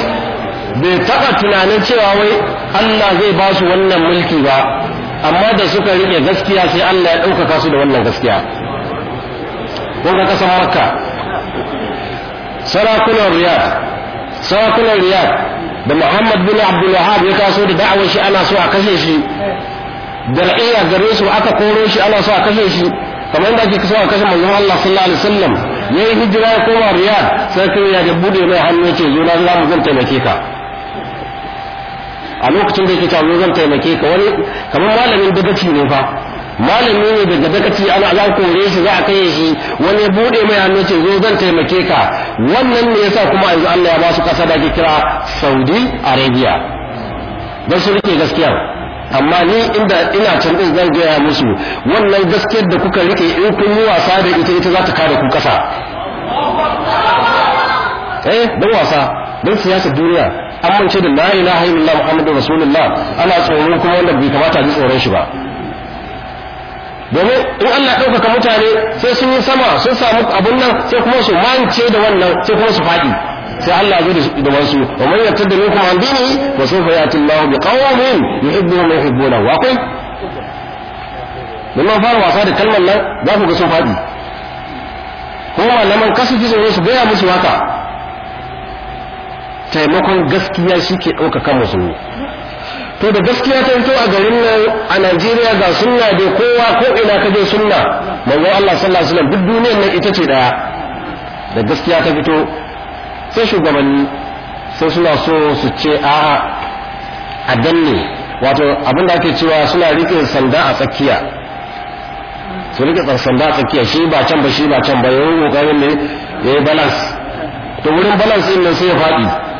Speaker 1: bai taɓa tunanin cewa wai Allah zai ba su wannan mulki ba amma da suka riƙe gaskiya sai Allah ya ɗaukaka su da wannan gaskiya
Speaker 3: kun ga ƙasar makka
Speaker 1: sarakunan riyad sarakunan riyad da muhammad bin abdulwahab ya taso da da'awar shi ana so a kashe shi dar'iya gare su aka koro shi ana so a kashe shi kamar yadda ake so a kashe manzon Allah sallallahu alaihi wasallam yayi hijira ya koma riyad sai kai ya buɗe mai hannu ya zo na za mu zan taimake ka a lokacin da yake cewa zan taimake ka wani kamar malamin dagaci ne fa malami ne daga dagaci ana za kore shi za a kai shi wani ya bude mai hannu ce zo zan taimake ka wannan ne yasa kuma yanzu Allah ya ba su kasa da ake kira Saudi Arabia dan su rike gaskiya amma ni inda ina can din zan gaya musu wannan gaskiyar da kuka rike in kun yi wasa da ita ita za ta kare ku kasa eh wasa don siyasar duniya an mance da la ilaha illallah muhammadu rasulullah ana tsoro kuma wanda bai kamata ji tsoron shi ba domin in Allah ɗaukaka mutane sai sun yi sama sun samu abun nan sai kuma su mance da wannan sai kuma su faɗi sai Allah zai da wasu wa man yattadda minkum an dini wa sawfa ya'ti Allah bi qaumin yuhibbuhum yuhibbuna wa kai
Speaker 3: dan fara wasa da kalmar nan za ku ga sun faɗi
Speaker 1: kuma malaman kasu ji su gaya musu haka taimakon gaskiya shi ke ɗaukaka musulmi
Speaker 3: to da gaskiya ta fito a garin nan a
Speaker 1: Najeriya ga sunna da kowa ko ina ka je sunna manzo Allah sallallahu alaihi duk duniyar nan ita ce ɗaya da gaskiya ta fito sai shugabanni sai suna so su ce a'a a danne wato abinda ake cewa suna rike sanda a tsakiya su rike sanda a tsakiya shi ba can ba shi ba can ba yayin kokarin ne yi balance to wurin balance din nan sai ya faɗi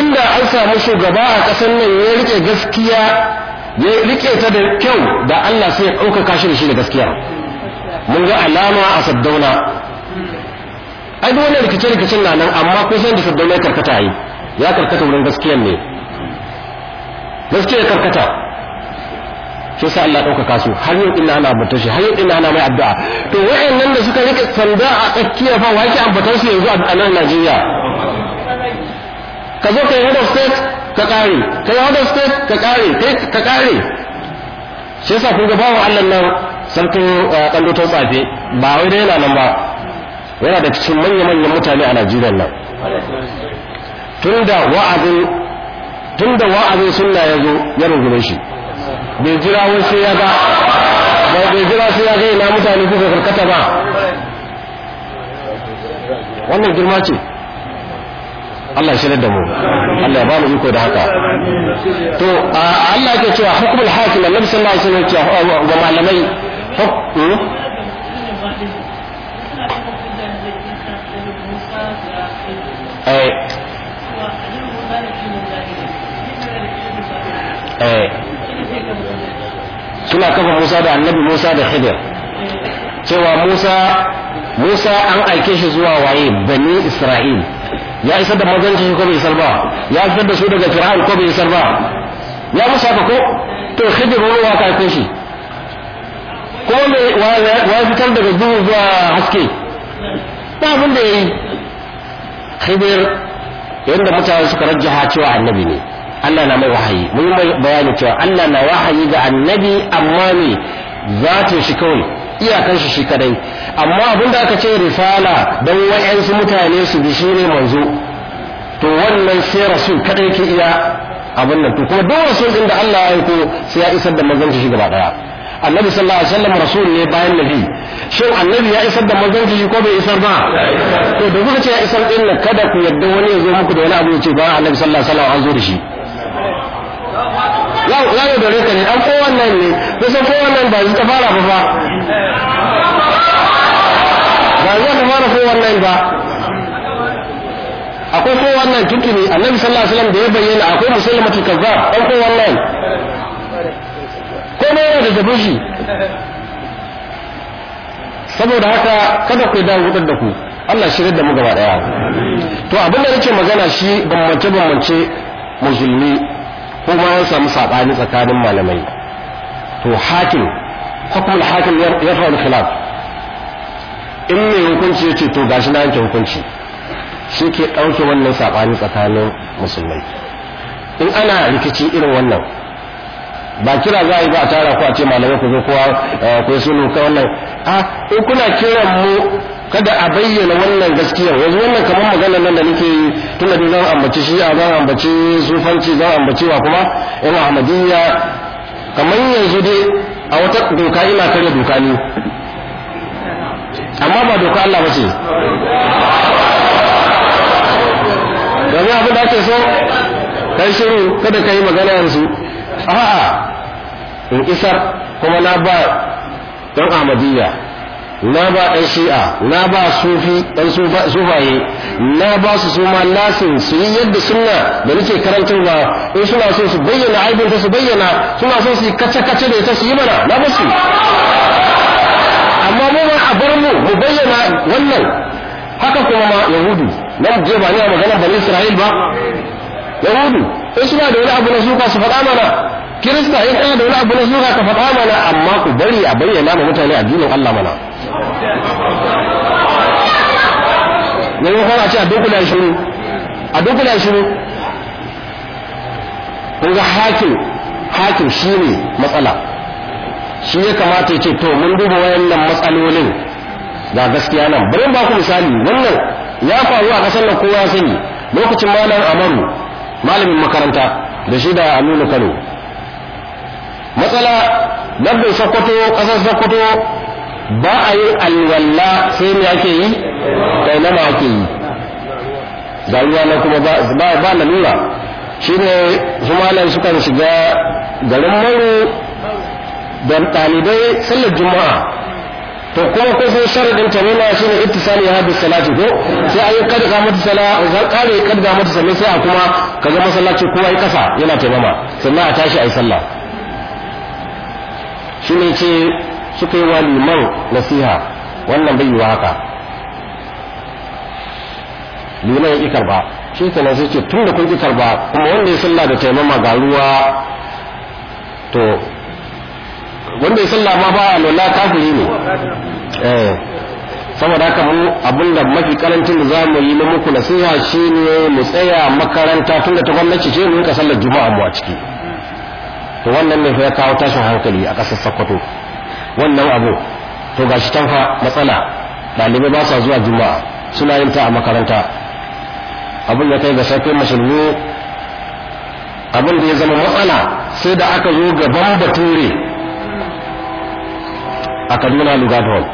Speaker 1: inda an samu shugaba a ƙasar nan ya rike gaskiya ya rike ta da kyau da Allah sai ya ɗaukaka shi da shi da gaskiya mun ga alama a saddauna ai dole rikice-rikicen na nan amma kun san da saddauna ya karkata yi ya karkata wurin gaskiyan ne gaskiya karkata shi sai Allah ɗaukaka su har yau ina ana ambata shi har yau ina ana mai addu'a to wa'annan da suka rike sanda a tsakiya fa wa yake ambata su yanzu a nan Najeriya ka zo yi head of state ka kare yi head of state ka kare ka kare shi yasa kun ga bawo Allah nan sarkin kallo eh, ta tsafe ba wai dai yana nan ba yana da cikin manya manyan mutane a Najeriya nan tunda wa'azin tunda wa'azin sunna ya zo ya rungume shi bai jira wai sai ya ga bai jira sai ya ga ina mutane kuka karkata ba
Speaker 3: wannan girma ce Allah shi da mu Allah ya ba mu iko da haka
Speaker 1: to Allah ke cewa hukumul hakim annabi sallallahu alaihi wasallam cewa ga malamai hukum
Speaker 3: hmm? ai eh. ai eh. suna kafa Musa da annabi Musa da Khidir
Speaker 1: cewa Musa Musa an aike shi zuwa waye bani Isra'il ya isar da mazan ko bai isar ba ya isar da su daga fir'aun ko bai isar ba ya musa ka ko to khidir ruwa ka kai shi ko me wa fitar daga duhu zuwa haske ba abin da yayi khidir yadda mutane suka rajjaha cewa annabi ne Allah na mai wahayi mun yi bayani cewa Allah na wahayi ga annabi amma ne ta shi kawai iyakar shi shi kadai amma abin da aka ce risala don wa'yansu mutane su bi shi ne manzo to wannan sai rasul kadai ke iya abin nan to kuma duk rasul din Allah ya aiko sai ya isar da manzon shi gaba daya annabi sallallahu alaihi wasallam rasul ne bayan nabi shin annabi ya isar da manzon shi ko bai isar ba to da kuka ce ya isar din kada ku yadda wani ya zo muku da wani abu ya ce ba annabi sallallahu alaihi wasallam an zo da shi
Speaker 3: za ku za dare ka ne dan kowannan ne kusan kowannan ba zai ta fara ba fa ba zai ta fara kowannan ba akwai kowannan tuntuni annabi sallallahu alaihi wasallam da ya bayyana akwai musulmatu kazzab dan kowannan ko yana da ta shi
Speaker 1: saboda haka kada ku dawo wutar da ku Allah shirin da mu gaba daya to abin da yake magana shi bambance bambance musulmi ko ma an samu sabani tsakanin malamai to hakim hukum hakim ya faru khilaf in mai hukunci ya to gashi na yanke hukunci shi ke ɗauke wannan saɓani tsakanin musulmai in ana rikici irin wannan ba kira za a yi ba a tara ku a ce malamai ku zo kowa eh, ku yi sunu ka wannan a in kuna kiran mu kada a bayyana wannan gaskiyar yanzu wannan kamar magana nan da nake yi da zan ambaci shi'a zan ambaci sufanci zan ambaci wa kuma yan ahmadiyya kamar yanzu dai a wata doka ina karya doka ne amma ba doka Allah ba ce domin abin da ake so kai shiru kada ka yi magana yanzu a'a in isar kuma na ba don ahmadiyya na ba ɗan shi'a na ba sufi ɗan sufaye na ba su su ma lasin su yi yadda suna da nake ba in suna so su bayyana aibin ta su bayyana suna so su yi kace-kace da ita su yi mana na basu amma mu ba a bar mu mu bayyana wannan haka kuma ma yahudu nan je ba ni a maganar bani isra'il ba yahudu in suna da wani abu na suka su faɗa mana kirista in ana da wani abu na suka ka faɗa mana amma ku bari a bayyana ma mutane addinin allah mana
Speaker 3: ne ko kuma ce a
Speaker 1: dukula shiru a dukula shiru kun ga hakim hakim ne matsala shi ya kamata ya ce to mun duba wayannan matsalolin ga gaskiya nan bari ba ku misali wannan ya faru a kasar nan kowa sani lokacin malam amaru malamin makaranta da shi da aminu kano matsala dabbin sokoto kasar sokoto ba a yi alwalla sai ne ake yi
Speaker 3: na ma ake yi
Speaker 1: da ruwa na kuma ba ba nuna shi ne su kan sukan shiga garin maru da talibai sallar juma'a to kuma ko sai sharadin tamima shi ne ittisali ya haɗu salati ko sai ayi kadga mata sala zan kare kadga mata sala sai a kuma ka zama masallaci kowa yi kasa yana taimama sannan a tashi a yi sallah shi ne ce suka yi wa liman nasiha wannan bai wa haka liman ya ƙi karba shi kenan sai ce tun da kun ƙi karba kuma wanda ya sallah da taimama ga ruwa to wanda ya sallah ma ba lola kafiri ne
Speaker 2: eh saboda haka mun abinda mafi karantin da za mu yi na muku nasiha shi ne, mu tsaya makaranta tun da ta gwamnati ce mu yi ka sallar juma'a mu a ciki
Speaker 1: to wannan ne fa ya kawo tashin hankali a ƙasar Sokoto wannan abu to gashi can fa matsala ɗalibai ba sa zuwa juma'a suna yin ta a makaranta abin ya kai ga sarkin musulmi abin da ya zama matsala sai da aka zo gaban bature a kaduna lugadon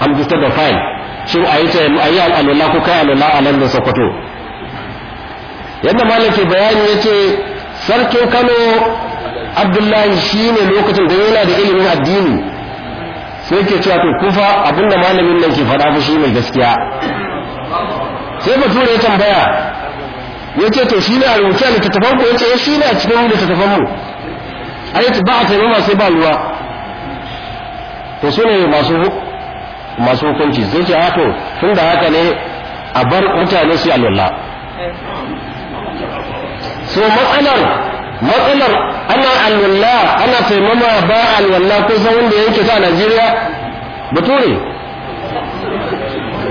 Speaker 1: an fitar da fayil shin a yi ta yi al'alula ko kai al'alula a nan da sokoto yadda malam ke bayani ya ce sarkin kano abdullahi shi ne lokacin da yana da ilimin addini sai ke cewa to kufa abinda malamin nan ke faɗa shi mai gaskiya sai bature ya tambaya ya ce to shi ne a rubuce a littattafan ku ya ce eh, shi ne a cikin littattafan mu a yi ba a taimama sai ba ruwa to su ne masu hukunci sai ce hato ah, tun da haka ne a bar mutane su yi alwallah
Speaker 3: so matsalar matsalar ana alwalla ana taimama ba alwalla ko san wanda yanke ta a Najeriya bature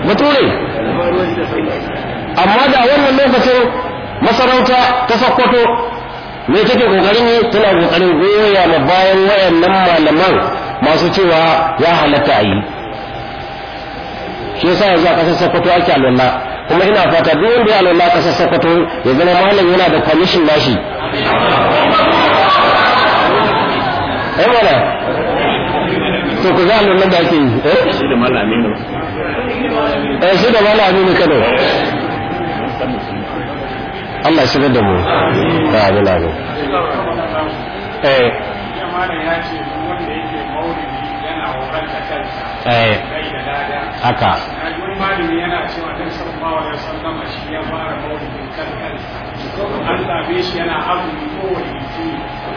Speaker 3: bature
Speaker 1: amma da wannan lokacin masarauta ta sakkwato me take kokarin yi tana kokarin goya ma bayan wayannan malaman masu cewa ya halatta a yi shi yasa yanzu a kasar Sokoto ake alwala kuma ina fata duk wanda ya alwala a kasar Sokoto ya zama malam yana da permission nashi
Speaker 3: eh mana to ku za alwala da ake yi eh shi da malam eh shi da malam Aminu Kano Allah eh. shi da mu ta abu
Speaker 2: eh faranta eh. da lada haka wani malami yana cewa dan sallallahu alaihi wasallam shi ya fara maulidin kan kansa ko an zabe shi yana azumi ko wani ki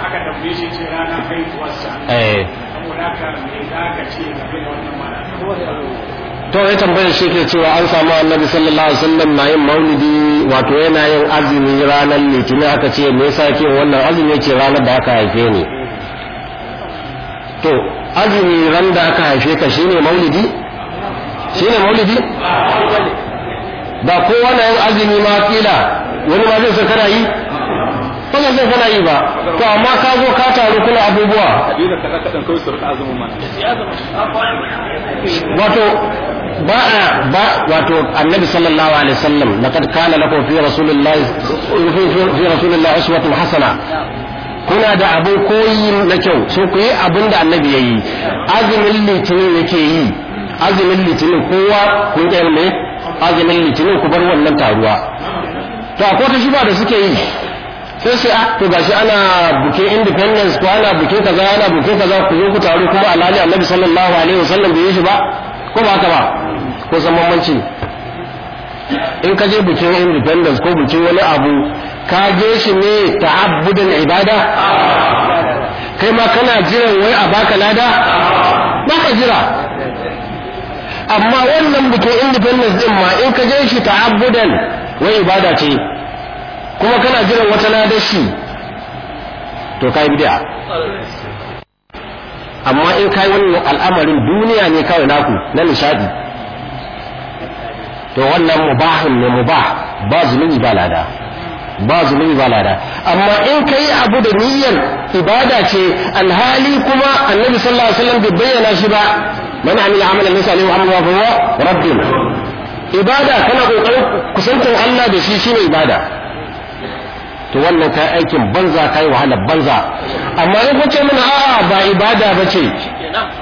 Speaker 2: aka tambaye shi ce rana kai kuwarsa eh saboda haka me za ka ce
Speaker 3: game da wannan malami
Speaker 1: to ya tambaye shi ke cewa an samu annabi sallallahu alaihi wasallam na yin maulidi wato yana yin azumi ranar litinin aka ce me yasa ke wannan azumi ce ranar da aka haife ni to azumi ran da aka haife ka shine maulidi shine maulidi ba ko na yin azumi ma kila wani ma zai kana yi ba
Speaker 2: zai san kana yi ba to amma ka zo ka taru kula abubuwa
Speaker 3: wato
Speaker 1: ba a ba wato annabi sallallahu alaihi wasallam laqad kana lakum fi rasulillahi fi rasulillahi uswatun hasana kuna da abin koyi na kyau so ku yi abin da annabi ya yi azumin litinin yake yi azumin litinin kowa kun ƙyar ne azumin litinin ku bar wannan taruwa
Speaker 3: to akwai ta shiba da suke yi sai sai to to shi ana bukin independence ko ana bukin kaza ana bukin kaza ku zo ku taru kuma alhali annabi sallallahu alaihi
Speaker 1: wasallam bai yi shi ba ko ba ka ba ko san bambanci in ka je bukin independence ko bukin wani abu ka je shi ne ta'abbudan ibada kai ma kana jiran wai a baka lada ba ka jira amma wannan bikin independence din ma in ka je shi ta'abbudan wai ibada ce kuma kana jiran wata lada shi to kai bid'a amma in kai wannan al'amarin duniya ne kawai naku na nishadi to wannan mubahin ne mubah ba zulumi ba lada ba zunubi ba lada amma in ka yi abu da niyyar ibada ce alhali kuma annabi sallallahu alaihi wasallam bai bayyana shi ba man amila amalan laysa alaihi amrun wa huwa rabbun ibada kana kokarin kusantar Allah da shi shine ibada to wannan kai aikin banza kai wahala banza
Speaker 3: amma in kuce mana a'a ba ibada ba ce.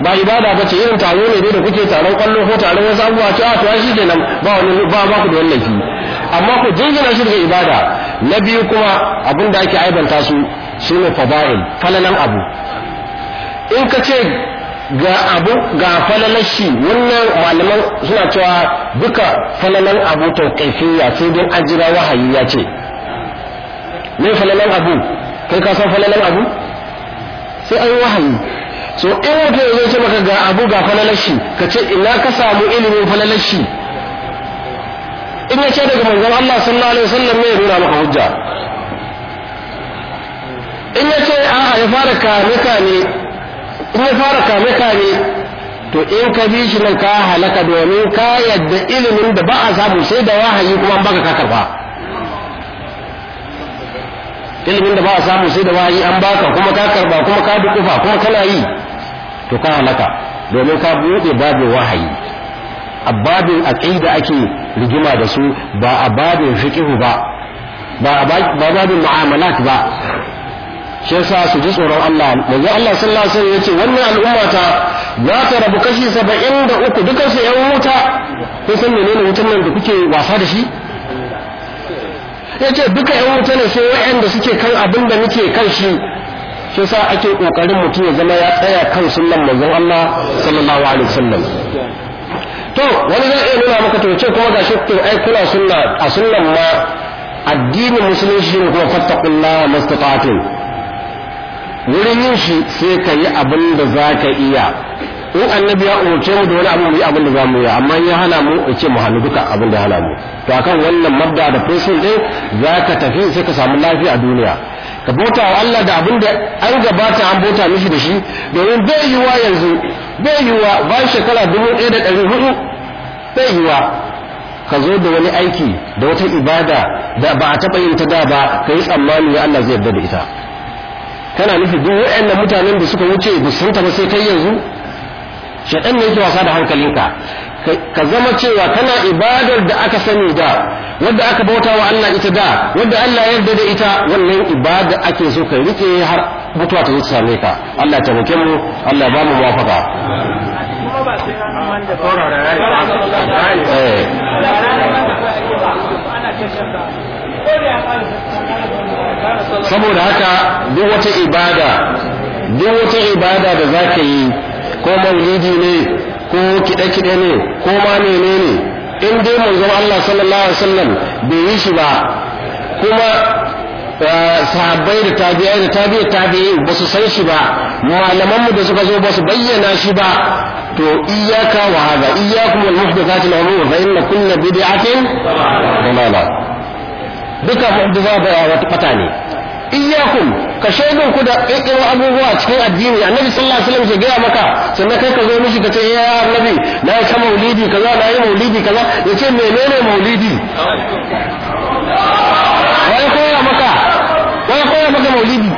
Speaker 3: ba ibada bace irin taro ne da kuke taron kwallo ko taron wasu abubuwa ce a to shi kenan ba
Speaker 1: wani ba ba ku da wannan fi amma ku jingina shi daga ibada na biyu kuma abin da ake aibanta su su ne fada'il falalan abu in ka ce ga abu ga falalan shi wannan malaman suna cewa duka falalan abu to kaifiya sai don ajira wahayi ya ce me falalan abu kai ka san falalan abu sai an wahayi so in wata yanzu ce maka ga abu ga falalan shi ka ce ina ka samu ilimin falalan shi in ya ce daga manzon Allah sallallahu alaihi wasallam ne ya nuna maka hujja
Speaker 3: in ya ce a'a ya fara kame kame in ya fara kame kame
Speaker 1: to in ka bi shi nan ka halaka domin ka yadda ilimin da ba a samu sai da wahayi kuma an baka ka karba
Speaker 3: ilimin da ba a samu sai da wahayi an baka kuma ka karba kuma ka dukufa kuma kana yi
Speaker 1: to ka halaka domin ka buɗe babu wahayi a babin aqida ake rigima da su ba a babin fiqh ba ba a babin mu'amalat ba shi yasa su ji tsoron Allah manzo Allah sallallahu alaihi wasallam yace wannan al'umma ta za ta rabu kashi 73 dukan su yan wuta kun san menene wutan nan da kuke wasa da shi yace duka yan wuta ne sai wa'anda suke kan abin da muke kan shi shi yasa ake kokarin mutum ya zama ya tsaya kan sunnan manzo Allah sallallahu alaihi wasallam to wani zai iya nuna maka to ce kuma ga to ai kula sunna a sunnan ma addinin musulunci ne kuma wa mastata'tum wurin yin shi sai ka yi abin da za ka iya in annabi ya umarce mu da wani abu mu yi abin da za mu yi amma ya hana mu ya ce mu hannu duka abin da ya hana mu to akan wannan mabda da fesin ɗin za ka tafi sai ka samu lafiya a duniya ka bauta wa Allah da abin da an gabata an bauta mishi da shi domin bai yiwa yanzu bai yiwa bayan shekara dubu ɗaya da ɗari hudu bai ka zo da wani aiki da wata ibada da ba a taɓa yin ta da ba ka yi tsammani ya Allah zai yarda da ita kana nufi duk waɗannan mutanen da suka wuce ba sun taɓa sai kai yanzu shaɗan ne yake wasa da hankalinka ka zama cewa kana ibadar da aka sani da wadda aka bauta wa Allah ita da wadda Allah ya yarda da ita wannan ibada ake so ka rike har mutuwa ta same ka Allah ta muke mu Allah ba mu muwafaka
Speaker 2: eh. saboda haka duk wata ibada duk wata ibada da zaka yi
Speaker 3: ko maulidi ne
Speaker 1: ko kiɗe-kiɗe ne ko ma ne, in dai manzon Allah sallallahu alaihi wasallam bai yi shi ba kuma eh, sahabbai da tabi'ai da tabi'i tabi'i ba su san shi ba malaman mu da suka zo ba su bayyana shi ba to iyaka wa hada iyyakum wal muhdathati al umur fa inna kullu bid'atin dalala duka muhdatha da wata ne iyyakum ka shaidar ku da kirkiro abubuwa cikin addini annabi sallallahu alaihi wasallam ke gaya maka sannan kai ka zo mishi ka ce ya annabi na yi ta maulidi kaza na yi maulidi kaza ya ce menene maulidi
Speaker 3: wai koya maka
Speaker 1: wai koya maka maulidi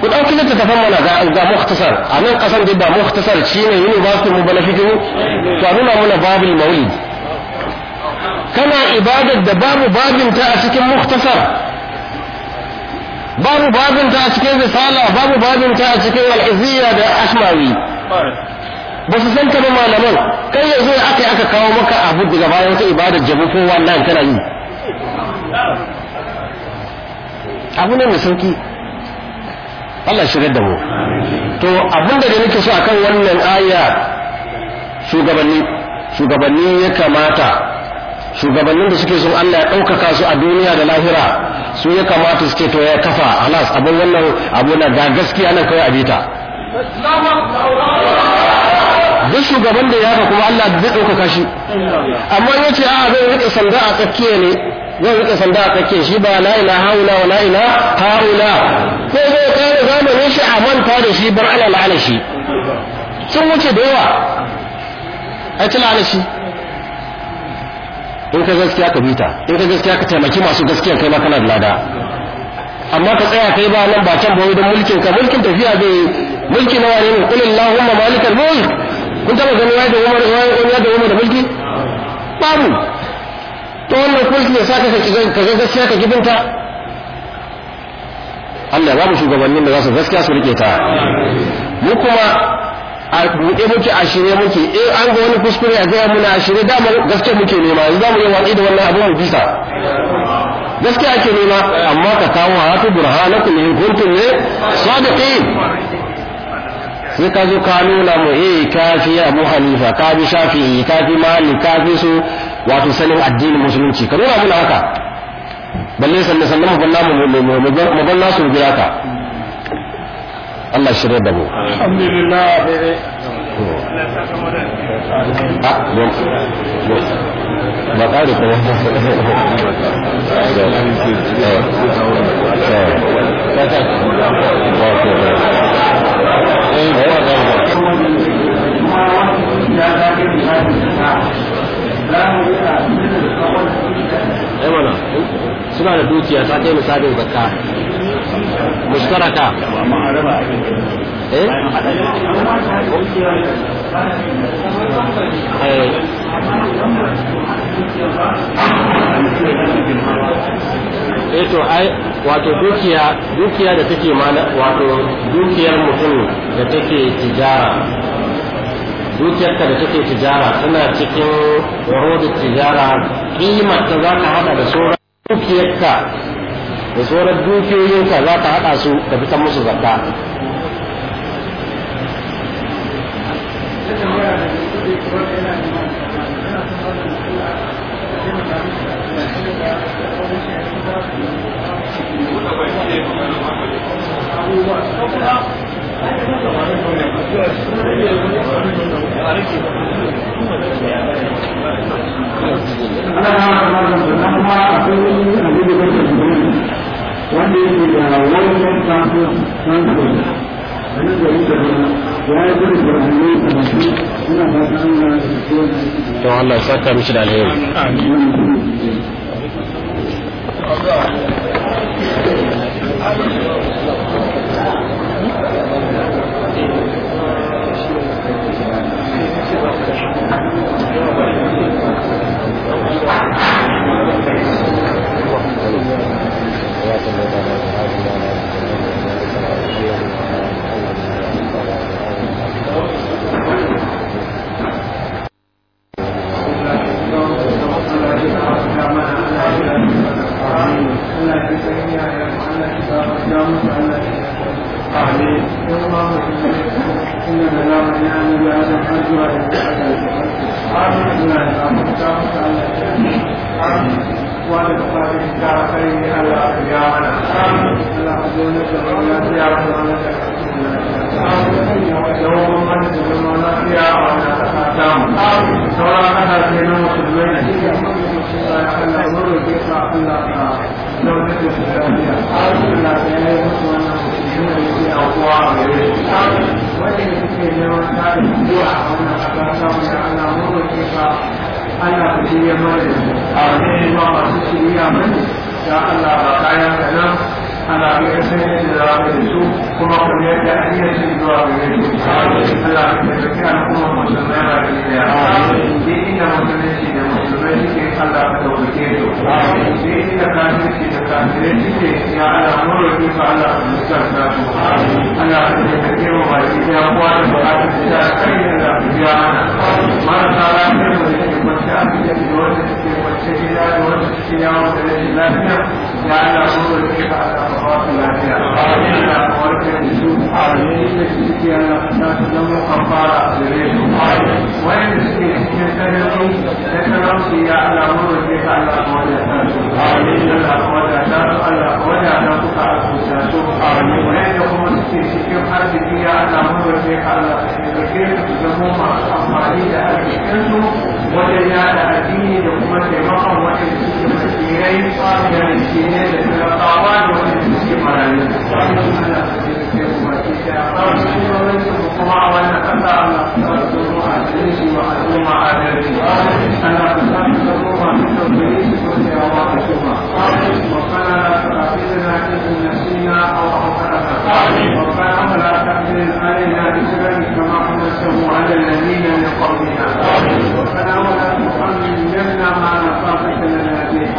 Speaker 1: ku ɗauki littattafan mana ga muhtasar a nan ƙasar da muhtasar shi
Speaker 3: ne university mu bala fikiru to a nuna mana babul maulidi kana ibadar da babu babinta a cikin muhtasar
Speaker 1: babu babin ta cikin risala babu babin ta cikin al'iziya da ashmawi
Speaker 3: ba su san ba malaman kai ya zo aka aka kawo maka abu daga bayan ta ibadar jabu ko wannan kana yi abu ne mai sauki
Speaker 1: Allah shigar da mu to abin da nake so akan wannan aya shugabanni shugabanni ya kamata shugabannin
Speaker 2: da suke son Allah ya ɗaukaka su a duniya da lahira su ya kamata suke to ya kafa alas abin wannan abu na ga gaskiya nan kawai a bita
Speaker 3: duk shugaban da ya kuma Allah zai ɗaukaka
Speaker 1: shi amma ya ce a zai riƙe sanda a tsakiya ne zai riƙe sanda a tsakiya shi ba la ila haula wa la ila haula ko zai kare zamanin shi a manta da shi bar ala la'ana shi sun wuce da yawa a ci la'ana shi in ka gaskiya ka bita in ka gaskiya ka taimaki masu gaskiya kai ma kana da lada
Speaker 3: amma ka tsaya kai ba nan ba can ba don mulkin ka
Speaker 1: mulkin tafiya bai mulki na wani ne kullu allahumma malikal mulk
Speaker 3: kun taba ganin wai da umar wai da umar da mulki
Speaker 1: babu to wannan kulki ya saka ka ka gaskiya ka gibinta Allah babu shugabannin da za su gaskiya su rike ta mu kuma a buɗe muke a shirye muke in eh, an ga wani kuskure a gaya muna a shirye dama gaske muke nema yanzu zamu yi watsi da wannan abin mu bisa gaske ake nema amma ka kawo hatu burhanakum in kuntum ne sadiqin
Speaker 3: sai ka zo ka nuna mu eh
Speaker 1: ka fi abu hanifa ka fi shafi'i ka fi malik ka fi su wato sanin addinin musulunci ka nuna muna haka balle sannan sannan mu banna mu mu ka Allah shirya da mu ah,
Speaker 2: ba ƙari kuma
Speaker 1: suna da dukiya ta kai misalin zakka mustaraka eh
Speaker 2: eh to ai wato dukiya dukiya
Speaker 1: da take mana wato dukiyar mutum da take tijara dukiyarka da take tijara tana cikin warodin tijara kimar ta za hada da sauran dukiyarka da sauran dukiyoyinka za ka haɗa su da fitar musu zakka
Speaker 2: Ana wanda yake da wancan kafin san koda wani gari da ya yi gudu da hannu da masu suna fata an
Speaker 3: gara su ko da to Allah saka mishi da alheri
Speaker 2: Thank you. da Thank you. wani da sabon shiga kai ne Allah ka ya mana a wannan ƙasa samu na musulmai na Allah mun roƙe ka Allah ka zaune da su a ka shirya mana amin ma masu shirya mana ya Allah ba kayan na. ana iya sanya da za mu kuma ku ne da iya shi zuwa gare su Allah ya tafi an kuma musulmai ba da ya ji inda musulunci da musulmai suke Allah ka dauke su ji inda kafirci da kafirai suke ya Allah mu roƙi ka Allah ka mutunta su Allah shi سيدنا ونفسنا وسيدنا جعلنا نور بك على مخاطبنا آمين ورب النجوم آمين بسمك أن أخنا تدم خفارا جريم آمين وإن بسمك يتنعي يتنعي على نور بك على أخوانا آمين على أخوانا على أخوانا نقطع الفساسو آمين وإن يقوم بسمك يحرد بي على نور بك على أخوانا جريم جموما أخوانا لأهل الكلمة wajen yada addini da kuma taimakon wajen suke makirai da miskinai da talakawa da wajen suke marayu wannan Allah su ke da kuma a wannan Allah Allah su ربنا ولا تحملنا ما نطاقة لنا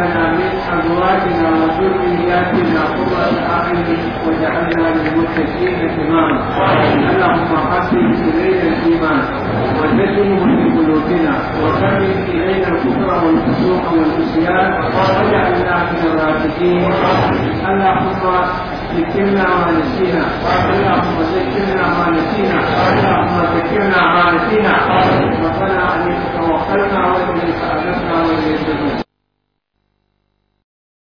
Speaker 2: لنا من أزواجنا وذرياتنا قرة أعين وجعلنا للمتقين إماما اللهم حسن إلينا الإيمان وزينه في قلوبنا وكمل إلينا الكفر والفسوق والعصيان واجعلنا من الراشدين اللهم ذكرنا ما نسينا اللهم ذكرنا ما نسينا اللهم ذكرنا ما نسينا ربنا عليك توكلنا واليك انبنا واليك